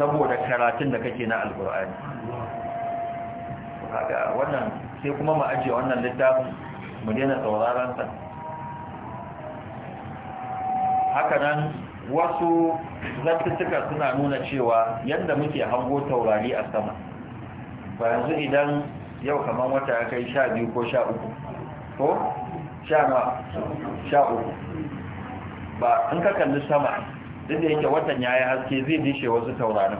saboda karatun da kake na alqur'ani kaga wannan sai kuma mu ajiye wannan littafin mu daina sauraron sa hakanan wasu zartuttuka suna nuna cewa yadda muke hango taurari a sama ba yanzu idan yau kamar wata ya kai sha biyu ko sha uku ko sha ma sha uku ba in ka kalli sama duk yake watan ya yi haske zai dishe wasu taurarin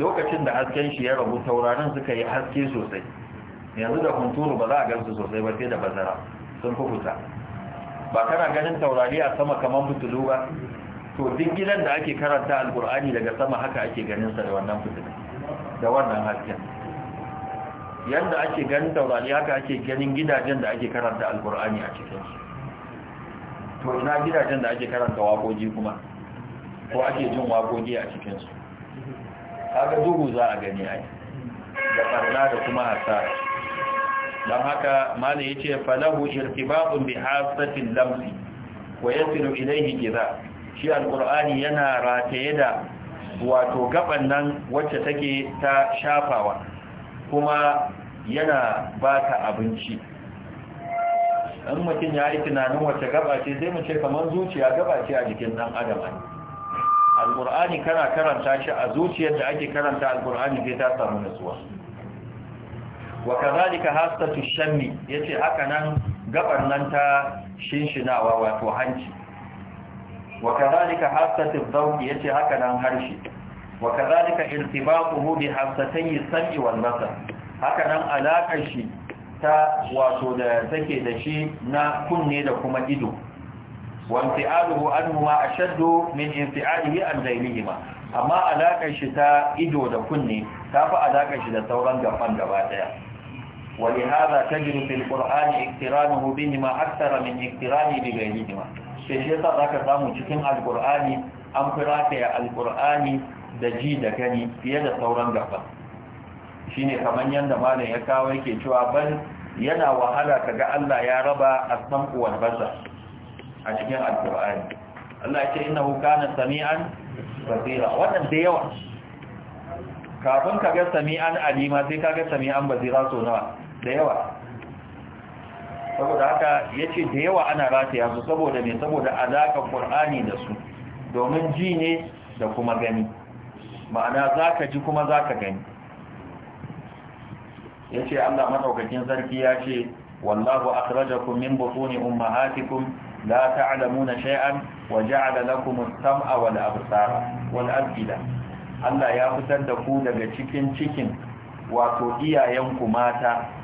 lokacin da hasken shi ya rabu taurarin suka yi haske sosai yanzu da hunturu ba za a gansu sosai ba sai da bazara sun fi fita ba kana ganin taurari a sama kamar fitilu ba to duk gidan da ake karanta alkur'ani daga sama haka ake ganin sa da wannan fitilu da wannan hasken yanda ake ganin taurari haka ake ganin gidajen da ake karanta alkur'ani a cikin su to ina gidajen da ake karanta wakoki kuma ko ake jin wakoki a cikin su kaga duhu za a gani ai da farna da kuma hasara don haka malam ce falahu irtibabun bi hasatin lamsi wa yasilu ilaihi gida shi alqur'ani yana rataye da wato gaban nan wacce take ta shafawa kuma yana baka abinci in mutum ya yi tunanin wacce gaba ce zai mu ce kamar zuciya gaba ce a jikin ɗan adam alƙur'ani kana karanta shi a zuciyar da ake karanta alƙur'ani zai ta samu nutsuwa wa kazalika hasatu shammi yace haka nan gabar nan ta shinshinawa wato hanci wa kazalika hasatu dhawqi yace haka nan harshe wa kazalika irtibaquhu bi hasatayhi sam'i wal basar haka nan alakar shi ta wato da take da shi na kunne da kuma ido wa inti'aluhu annuma ashaddu min inti'alihi an ghayrihima amma alakar shi ta ido da kunne ta fi alakar shi da sauran gaban gaba ɗaya. ولهذا تجد في القرآن اقترانه بهما أكثر من اقترانه بغيرهما فشيطة ذاك سامو cikin القرآن an fira ta ya alkur'ani da ji da gani fiye da sauran gaba shi ne kamar yadda malam ya kawo yake cewa ban yana wahala kaga Allah ya raba asamku wal basa a cikin alkur'ani Allah ya ce innahu kana sami'an basira wannan da yawa kafin kaga sami'an alima sai kaga sami'an basira so nawa da yawa saboda haka ya ce da yawa ana rataya su saboda ne saboda alaƙa ƙur'ani da su domin ji ne da kuma gani ma'ana za ka ji kuma za ka gani ya ce allah maɗaukakin sarki ya ce wallahu akhrajakum min butuni ummahatikum la ta'lamuna shay'an wa ja'ala lakum as-sam'a wal absara wal afida Allah ya fitar da ku daga cikin cikin wato iyayenku mata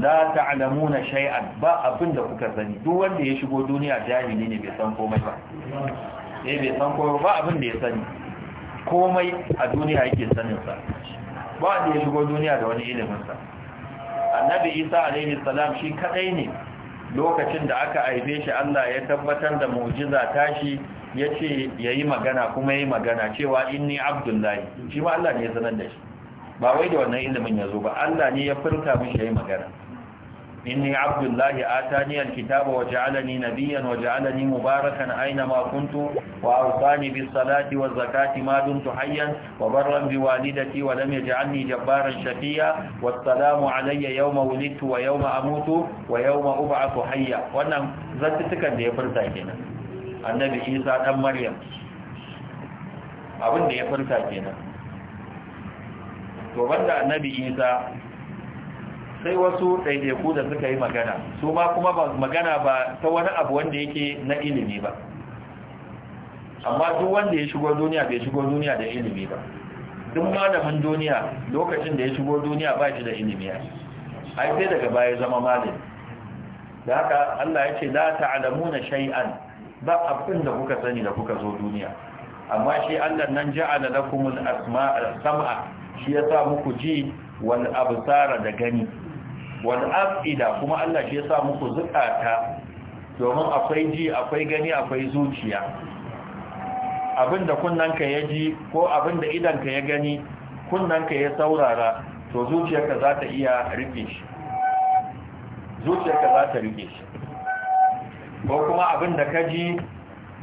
la ta'lamuna shay'an ba abin da kuka sani duk wanda ya shigo duniya jahili ne bai san komai ba eh bai san komai ba abin da ya sani komai a duniya yake sanin sa ba wanda ya shigo duniya da wani ilimin sa annabi Isa alaihi salam shi kadai ne lokacin da aka aibe shi Allah ya tabbatar da mu'jiza tashi yace yayi magana kuma yayi magana cewa inni abdullahi shi ma Allah ne ya sanar da shi ba wai da wannan ilimin ya zo ba Allah ne ya furta mishi yayi magana إني عبد الله آتاني الكتاب وجعلني نبيا وجعلني مباركا أينما كنت وأوصاني بالصلاة والزكاة ما دمت حيا وبرا بوالدتي ولم يجعلني جبارا شقيا والسلام علي يوم ولدت ويوم أموت ويوم أبعث حيا وأنا زدتك أن يفرطا هنا النبي عيسى أم مريم abin da ya furta kenan to banda annabi Isa sai wasu ɗaiɗaiku da suka yi magana su ma kuma ba magana ba ta wani abu wanda yake na ilimi ba amma duk wanda ya shigo duniya bai shigo duniya da ilimi ba duk malamin duniya lokacin da ya shigo duniya ba shi da ilimi ai sai daga baya zama malami da haka Allah ya ce la ta'lamuna shay'an ba abin da kuka sani da kuka zo duniya amma shi Allah nan ja'ala lakumul asma'a sam'a shi ya sa muku ji wal absara da gani Wani afida kuma Allah shi ya sa muku zukata domin akwai ji akwai gani akwai zuciya abinda kunnanka ya ji ko abinda idanka ya gani kunnanka ya saurara to zuciyarka za ta iya rike shi zuciyarka za ta rike shi ko kuma abinda ka ji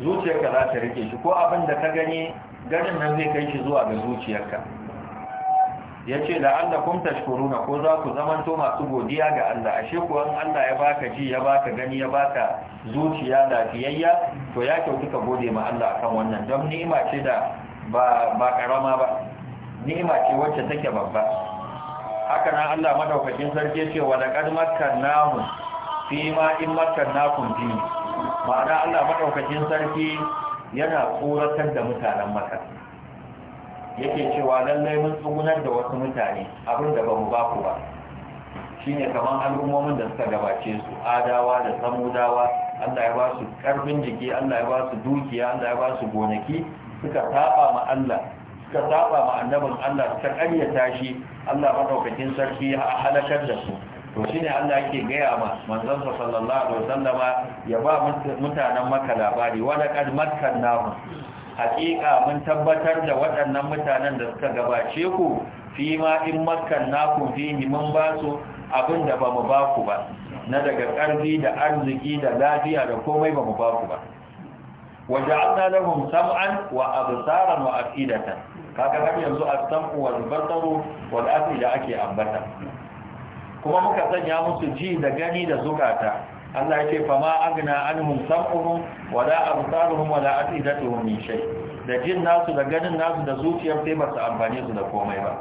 zuciyarka za ta rike shi ko abinda ka gani ganin nan zai kai shi zuwa ga zuciyarka ya ce da tashkuru na ko za ku zamanto masu godiya ga Allah ashe kuwa Allah ya baka ji ya baka gani ya baka zuciya da lafiyayya to ya kyau kuka gode ma Allah akan wannan don ni'ima ce da ba ba karama ba ni'ima ce wacce take babba haka nan Allah madaukakin sarki ya ce wa laqad makkannahu fi ma in makkannakum fi ma'ana Allah madaukakin sarki yana tsoratar da mutanen Makka yake cewa lallai mun tsugunar da wasu mutane abinda ba mu ba ku ba shine kamar al'ummomin da suka gabace su adawa da samudawa Allah ya ba su karfin jiki Allah ya ba su dukiya Allah ya ba su gonaki suka saba ma Allah suka saba ma annabin Allah suka karyata shi Allah sarki a halakar da su to shine Allah yake gaya ma manzon sa sallallahu alaihi wasallama ya ba mutanen maka labari wa laqad makkannahu haƙiƙa mun tabbatar da waɗannan mutanen da suka gabace ku fi ma in fi ni mun ba su abin da ba mu ba ku ba na daga ƙarfi da arziki da lafiya da komai ba mu ba ku ba Waje lahun sam'an wa tsara wa afidatan kaka har yanzu a samu wal basaru wal afida ake ambata kuma muka sanya musu ji da gani da zukata Allah ya ce fa ma agna anhum sam'uhum wala absaruhum wala atidatuhum min shay da jin nasu da ganin nasu da zuciyar sai ba su amfane su da komai ba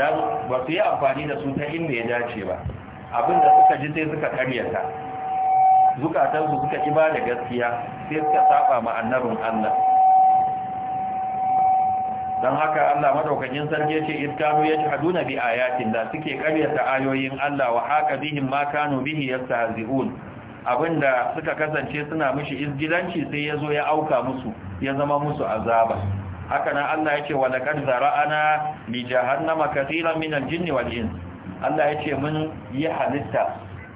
da ba su yi amfani da su ta inda ya dace ba abinda suka ji sai suka karyata su suka ki ba da gaskiya sai suka saba ma annabin Allah don haka Allah madaukakin sarki yace iskamu yajhaduna bi ayatin da suke karyata ayoyin Allah wa haka bihim ma kanu bihi yastahzi'un Abin da suka kasance suna mishi izgilanci sai ya zo ya auka musu ya zama musu azaba haka nan Allah ya ce wa ƙarza ra'ana mi jahannama katiran minan jinni wal ins Allah ya ce mun yi halitta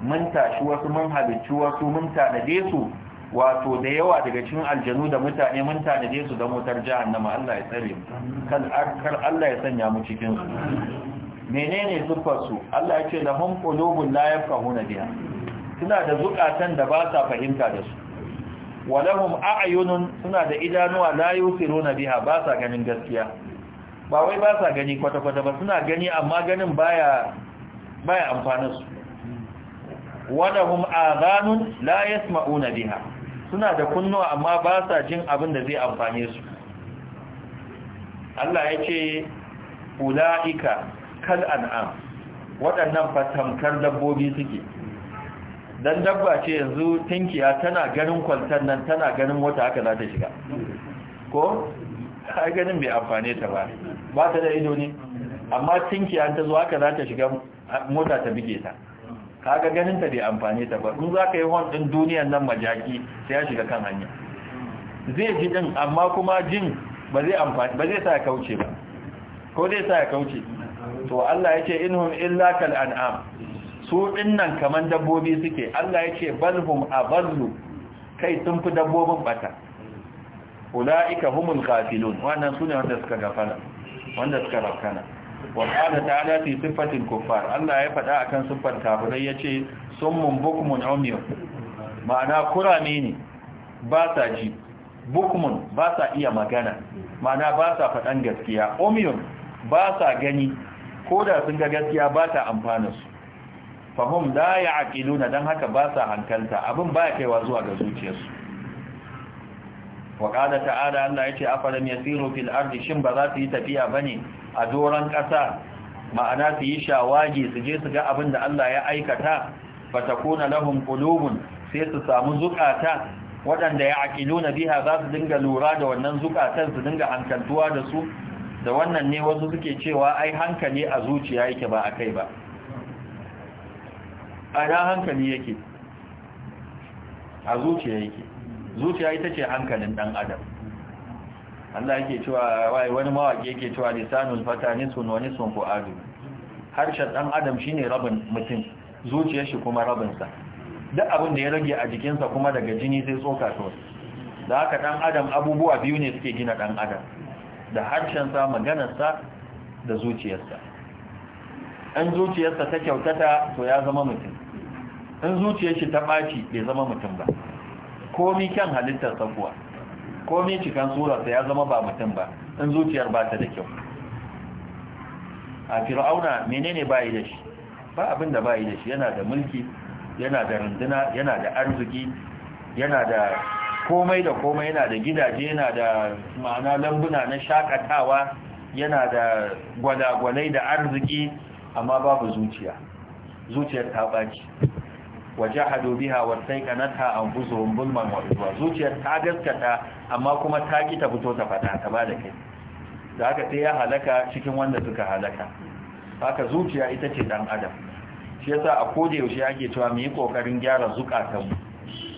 mun tashi wasu mun halittu wasu mun tanade su wato da yawa daga cikin aljanu da mutane mun tanade su da motar jahannama Allah ya tsare mu kar Allah ya sanya mu cikin su menene zufar su Allah ya ce lahum qulubun la yafqahuna biha suna da zukatan da ba sa fahimta da su walahum a'yunun suna da idanuwa la yusiruna biha ba sa ganin gaskiya ba wai ba sa gani kwata-kwata ba suna gani amma ganin baya baya amfana su walahum adhanun la yasma'una biha suna da kunnuwa amma ba sa jin abin da zai amfane su Allah ya ce ula'ika kal an'am waɗannan fatamkar dabbobi suke dan dabba ce yanzu tinkiya tana ganin kwantar nan tana ganin wata haka za ta shiga ko a ganin bai amfane ta ba ba ta da ido ne amma tinkiya ta zo haka za ta shiga mota ta bige ta kaga ganin ta bai amfane ta ba in za ka yi hon din duniyan nan majaki sai ya shiga kan hanya zai ji din amma kuma jin ba zai amfani ba zai sa ya kauce ba ko zai sa ya kauce to Allah yake inhum illa kal an'am su nan kaman dabbobi suke Allah ya ce balhum ballu kai sun fi dabbobin bata ulaika humul ghafilun wannan ne wanda suka gafala wanda suka rafkana wa qala ta'ala fi sifatil kuffar Allah ya faɗa akan siffar kafirai yace summun bukmun umyun ma'ana kurame ne ba sa ji bukmun ba sa iya magana ma'ana ba sa faɗan gaskiya umyun ba sa gani ko da sun ga gaskiya ba ta amfana su fahim la na dan haka ba sa hankalta abin ba ya kaiwa zuwa ga zuciyarsu wa qala ta'ala Allah yace afalam yasiru fil ardi shin ba za su yi tafiya bane a doran kasa ma'ana su yi shawagi su je su ga abin da Allah ya aikata fatakuna lahum qulubun sai su samu zukata waɗanda ya na biha za su dinga lura da wannan zukatan su dinga hankaltuwa da su da wannan ne wasu suke cewa ai hankali a zuciya yake ba a kai ba a ina hankali yake a zuciya yake zuciya ita ce hankalin dan adam Allah yake cewa wai wani mawaki yake cewa lisanul fatani sun wani sun fuadu harshen dan adam shine rabin mutum zuciyar shi kuma rabin sa duk abin da ya rage a jikinsa kuma daga jini sai tsoka to da haka dan adam abubuwa biyu ne suke gina dan adam da harshen sa maganar sa da zuciyarsa an zuciyarsa ta kyautata to ya zama mutum in zuciyar shi ta ɓaci bai zama mutum ba komi kyan halittar sabuwa komi cikin surarsa ya zama ba mutum ba in zuciyar ba ta da kyau a fir'auna menene ba yi da shi ba abin da ba yi da shi yana da mulki yana da runduna yana da arziki yana da komai da komai yana da gidaje yana da ma'ana lambuna na shakatawa yana da gwalagwalai da arziki amma babu zuciya zuciyar ta ɓaci wajahadu biha an anfusuhum zulman wa udwa zuciyar ta gaskata amma kuma ta ki ta fito ta fada ta bada kai da haka sai ya halaka cikin wanda suka halaka haka zuciya ita ce dan adam shi yasa a koda yaushe ake cewa mu yi kokarin gyara mu?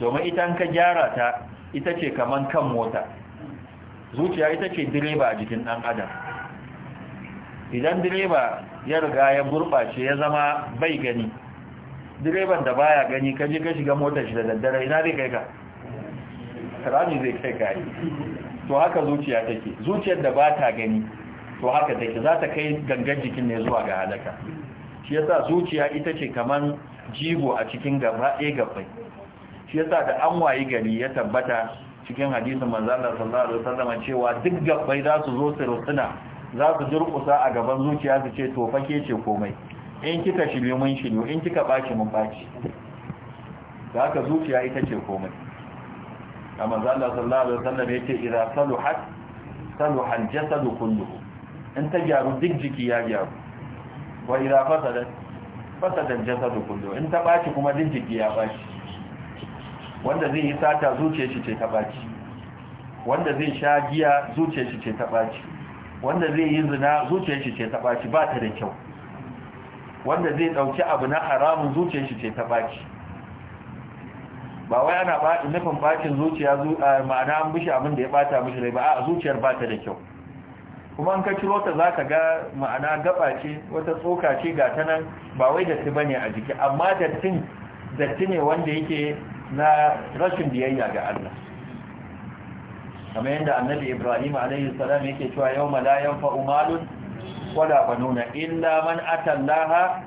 domin ita ka gyara ta ita ce kaman kan mota zuciya ita ce direba a jikin dan adam idan direba ya riga ya gurɓace ya zama bai gani direban da baya gani ka je ka shiga motar shi da daddare ina zai kai ka rami zai kai ka yi to haka zuciya take zuciyar da ba ta gani to haka take za ta kai gangan jikin ne zuwa ga halaka shi yasa zuciya ita ce kaman jigo a cikin gaba ɗaya gabai shi yasa da an wayi gari ya tabbata cikin hadisin manzo Allah sallallahu alaihi wasallam cewa duk gabai za su zo su rusuna za su durƙusa a gaban zuciya su ce to fa ke ce komai in kika shiryu mun shiryu in kika baki mun baki da ka zuciya ita ce komai a manzana sallallahu alaihi wasallam ya ce idza saluhat saluha al-jasad kulluhu in ta gyaru duk jiki ya gyaru wa idza fasada fasada al-jasad kulluhu in ta baki kuma duk jiki ya baki wanda zai yi sata zuciyar shi ce ta baki wanda zai sha giya zuciyar shi ce ta baki wanda zai yi zina zuciyar shi ce ta baki ba ta da kyau wanda zai dauki abu na haramun zuciyar shi ce ta baki ba wai ana baki nufin bakin zuciya ma'ana an bishi abin da ya bata mishi rai ba a zuciyar ba da kyau kuma an ka ciro ta zaka ga ma'ana gaba ce wata tsoka ce ga ta nan ba wai datti bane a jiki amma dattin datti ne wanda yake na rashin biyayya ga Allah kamar yadda annabi Ibrahim alaihi salam yake cewa yawma la yanfa'u malun wala nuna, illa man atallaha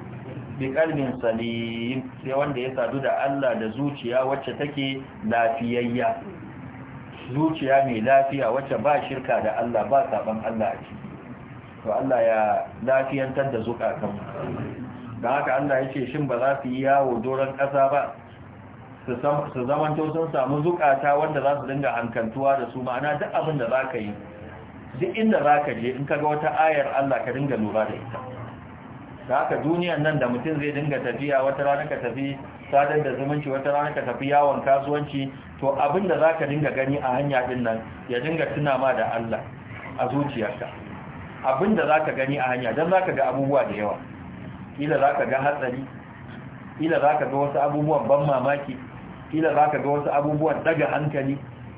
bi kalmin salim sai wanda ya sadu da Allah da zuciya wacce take lafiyayya zuciya mai lafiya wacce ba shirka da Allah ba saban Allah a ciki to Allah ya lafiyantar da zukatan da haka Allah ya ce shin ba za su yi yawo doron ƙasa ba su zamanto sun samu zukata wanda za su dinga hankantuwa da su ma'ana duk abin da za ka yi duk inda za ka je in ka ga wata ayar Allah ka dinga lura da ita da haka duniyan nan da mutum zai dinga tafiya wata rana ka tafi sadar da zumunci wata rana ka tafi yawon kasuwanci to abin da za ka dinga gani a hanya din nan ya dinga tuna ma da Allah a zuciyarka abin da za ka gani a hanya don za ka ga abubuwa da yawa ila za ka ga hatsari ila za ka ga wasu abubuwan ban mamaki ila za ka ga wasu abubuwan daga hankali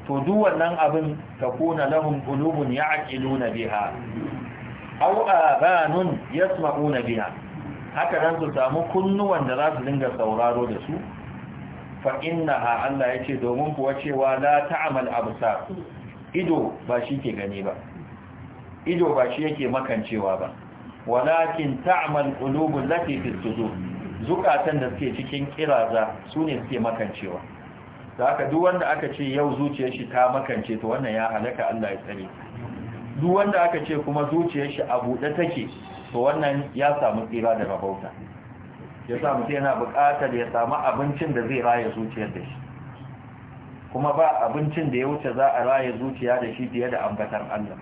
to duk wannan abin ta kuna lahum qulubun ya'qiluna biha aw abanun yasma'una biha haka dan su samu kunnuwan da za su dinga sauraro da su fa ha Allah yace domin kuwa cewa la ta'mal sa, ido ba shi ke gani ba ido ba shi yake makancewa ba walakin ta'mal qulubul lati fi sudur zukatan da suke cikin kiraza ne suke makancewa da aka duk wanda aka ce yau zuciyar shi ta makance to wannan ya halaka Allah ya tsare duk wanda aka ce kuma zuciyar shi a buɗe take to wannan ya samu tsira da rabauta ya samu sai yana buƙatar ya samu abincin da zai raya zuciyar da shi kuma ba abincin da ya wuce za a raya zuciya da shi fiye da ambatan Allah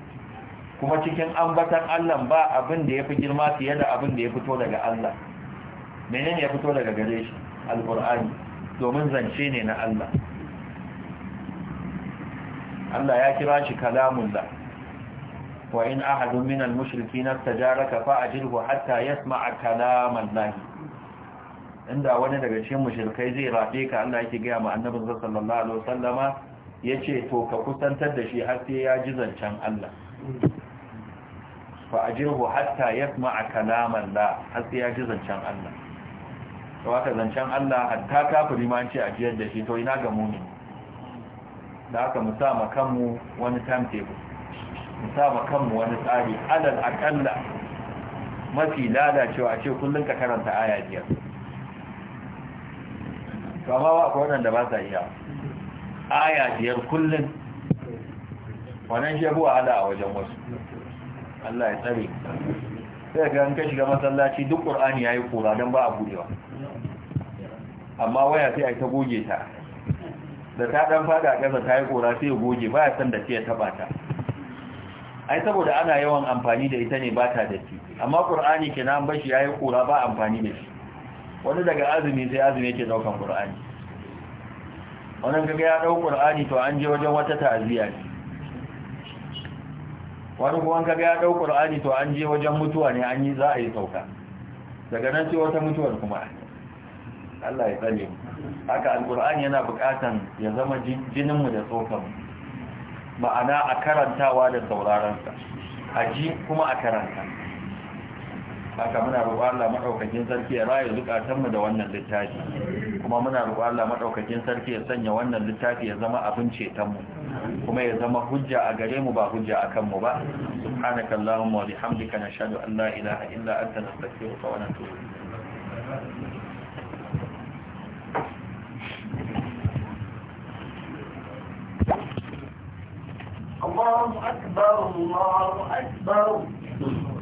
kuma cikin ambatan Allah ba abin da ya fi girma fiye da abin da ya fito daga Allah menene ya fito daga gare shi alƙur'ani domin zance ne na Allah Allah ya kira shi da. wa in ahadun minal mushrikin tajaraka fa ajirhu hatta yasma'a kalamallah inda wani daga cikin mushrikai zai rafe ka Allah yake ga mu annabin sallallahu alaihi wasallama yace to ka kusantar da shi har sai ya ji zancen Allah fa ajirhu hatta yasma'a la har sai ya ji zancen Allah to haka zancen Allah hatta kafiri ma an ce ajiyar da shi to ina ga mu'min da aka musama kanmu wani timetable musama kanmu wani tsari alal akalla mafi lalacewa a ce kullum ka karanta aya biyar kama wa akwai da ba sa iya aya biyar kullum wannan shi yabuwa ala a wajen wasu Allah ya tsare sai ka ka shiga masallaci duk ƙur'ani ya yi kura don ba a buɗewa amma waya sai a yi ta goge ta da ta dan fada a ƙasa ta yi ƙora sai ya goge ba ya san da ya taɓa ta ai saboda ana yawan amfani da ita ne ba ta da ci amma qur'ani ke nan bashi ya kora ƙora ba amfani da shi wani daga azumi sai azumi yake ɗaukan qur'ani Wannan kaga ya ɗau qur'ani to an je wajen wata ta'aziyya ne wani kuma kaga ya ɗau qur'ani to an je wajen mutuwa ne an yi za a yi sauka daga nan sai wata mutuwar kuma Allah ya tsare mu haka alkur'ani yana bukatan ya zama jininmu da tsokanmu ma'ana a karantawa da saurarensa a ji kuma a karanta haka muna roƙon Allah madaukakin sarki ya rayu zukatanmu da wannan littafi kuma muna roƙon Allah madaukakin sarki ya sanya wannan littafi ya zama abin cetonmu kuma ya zama hujja a gare mu ba hujja a kanmu ba subhanakallahumma wa bihamdika nashhadu an la ilaha illa anta nastaghfiruka wa natubu ilayk الله أكبر الله أكبر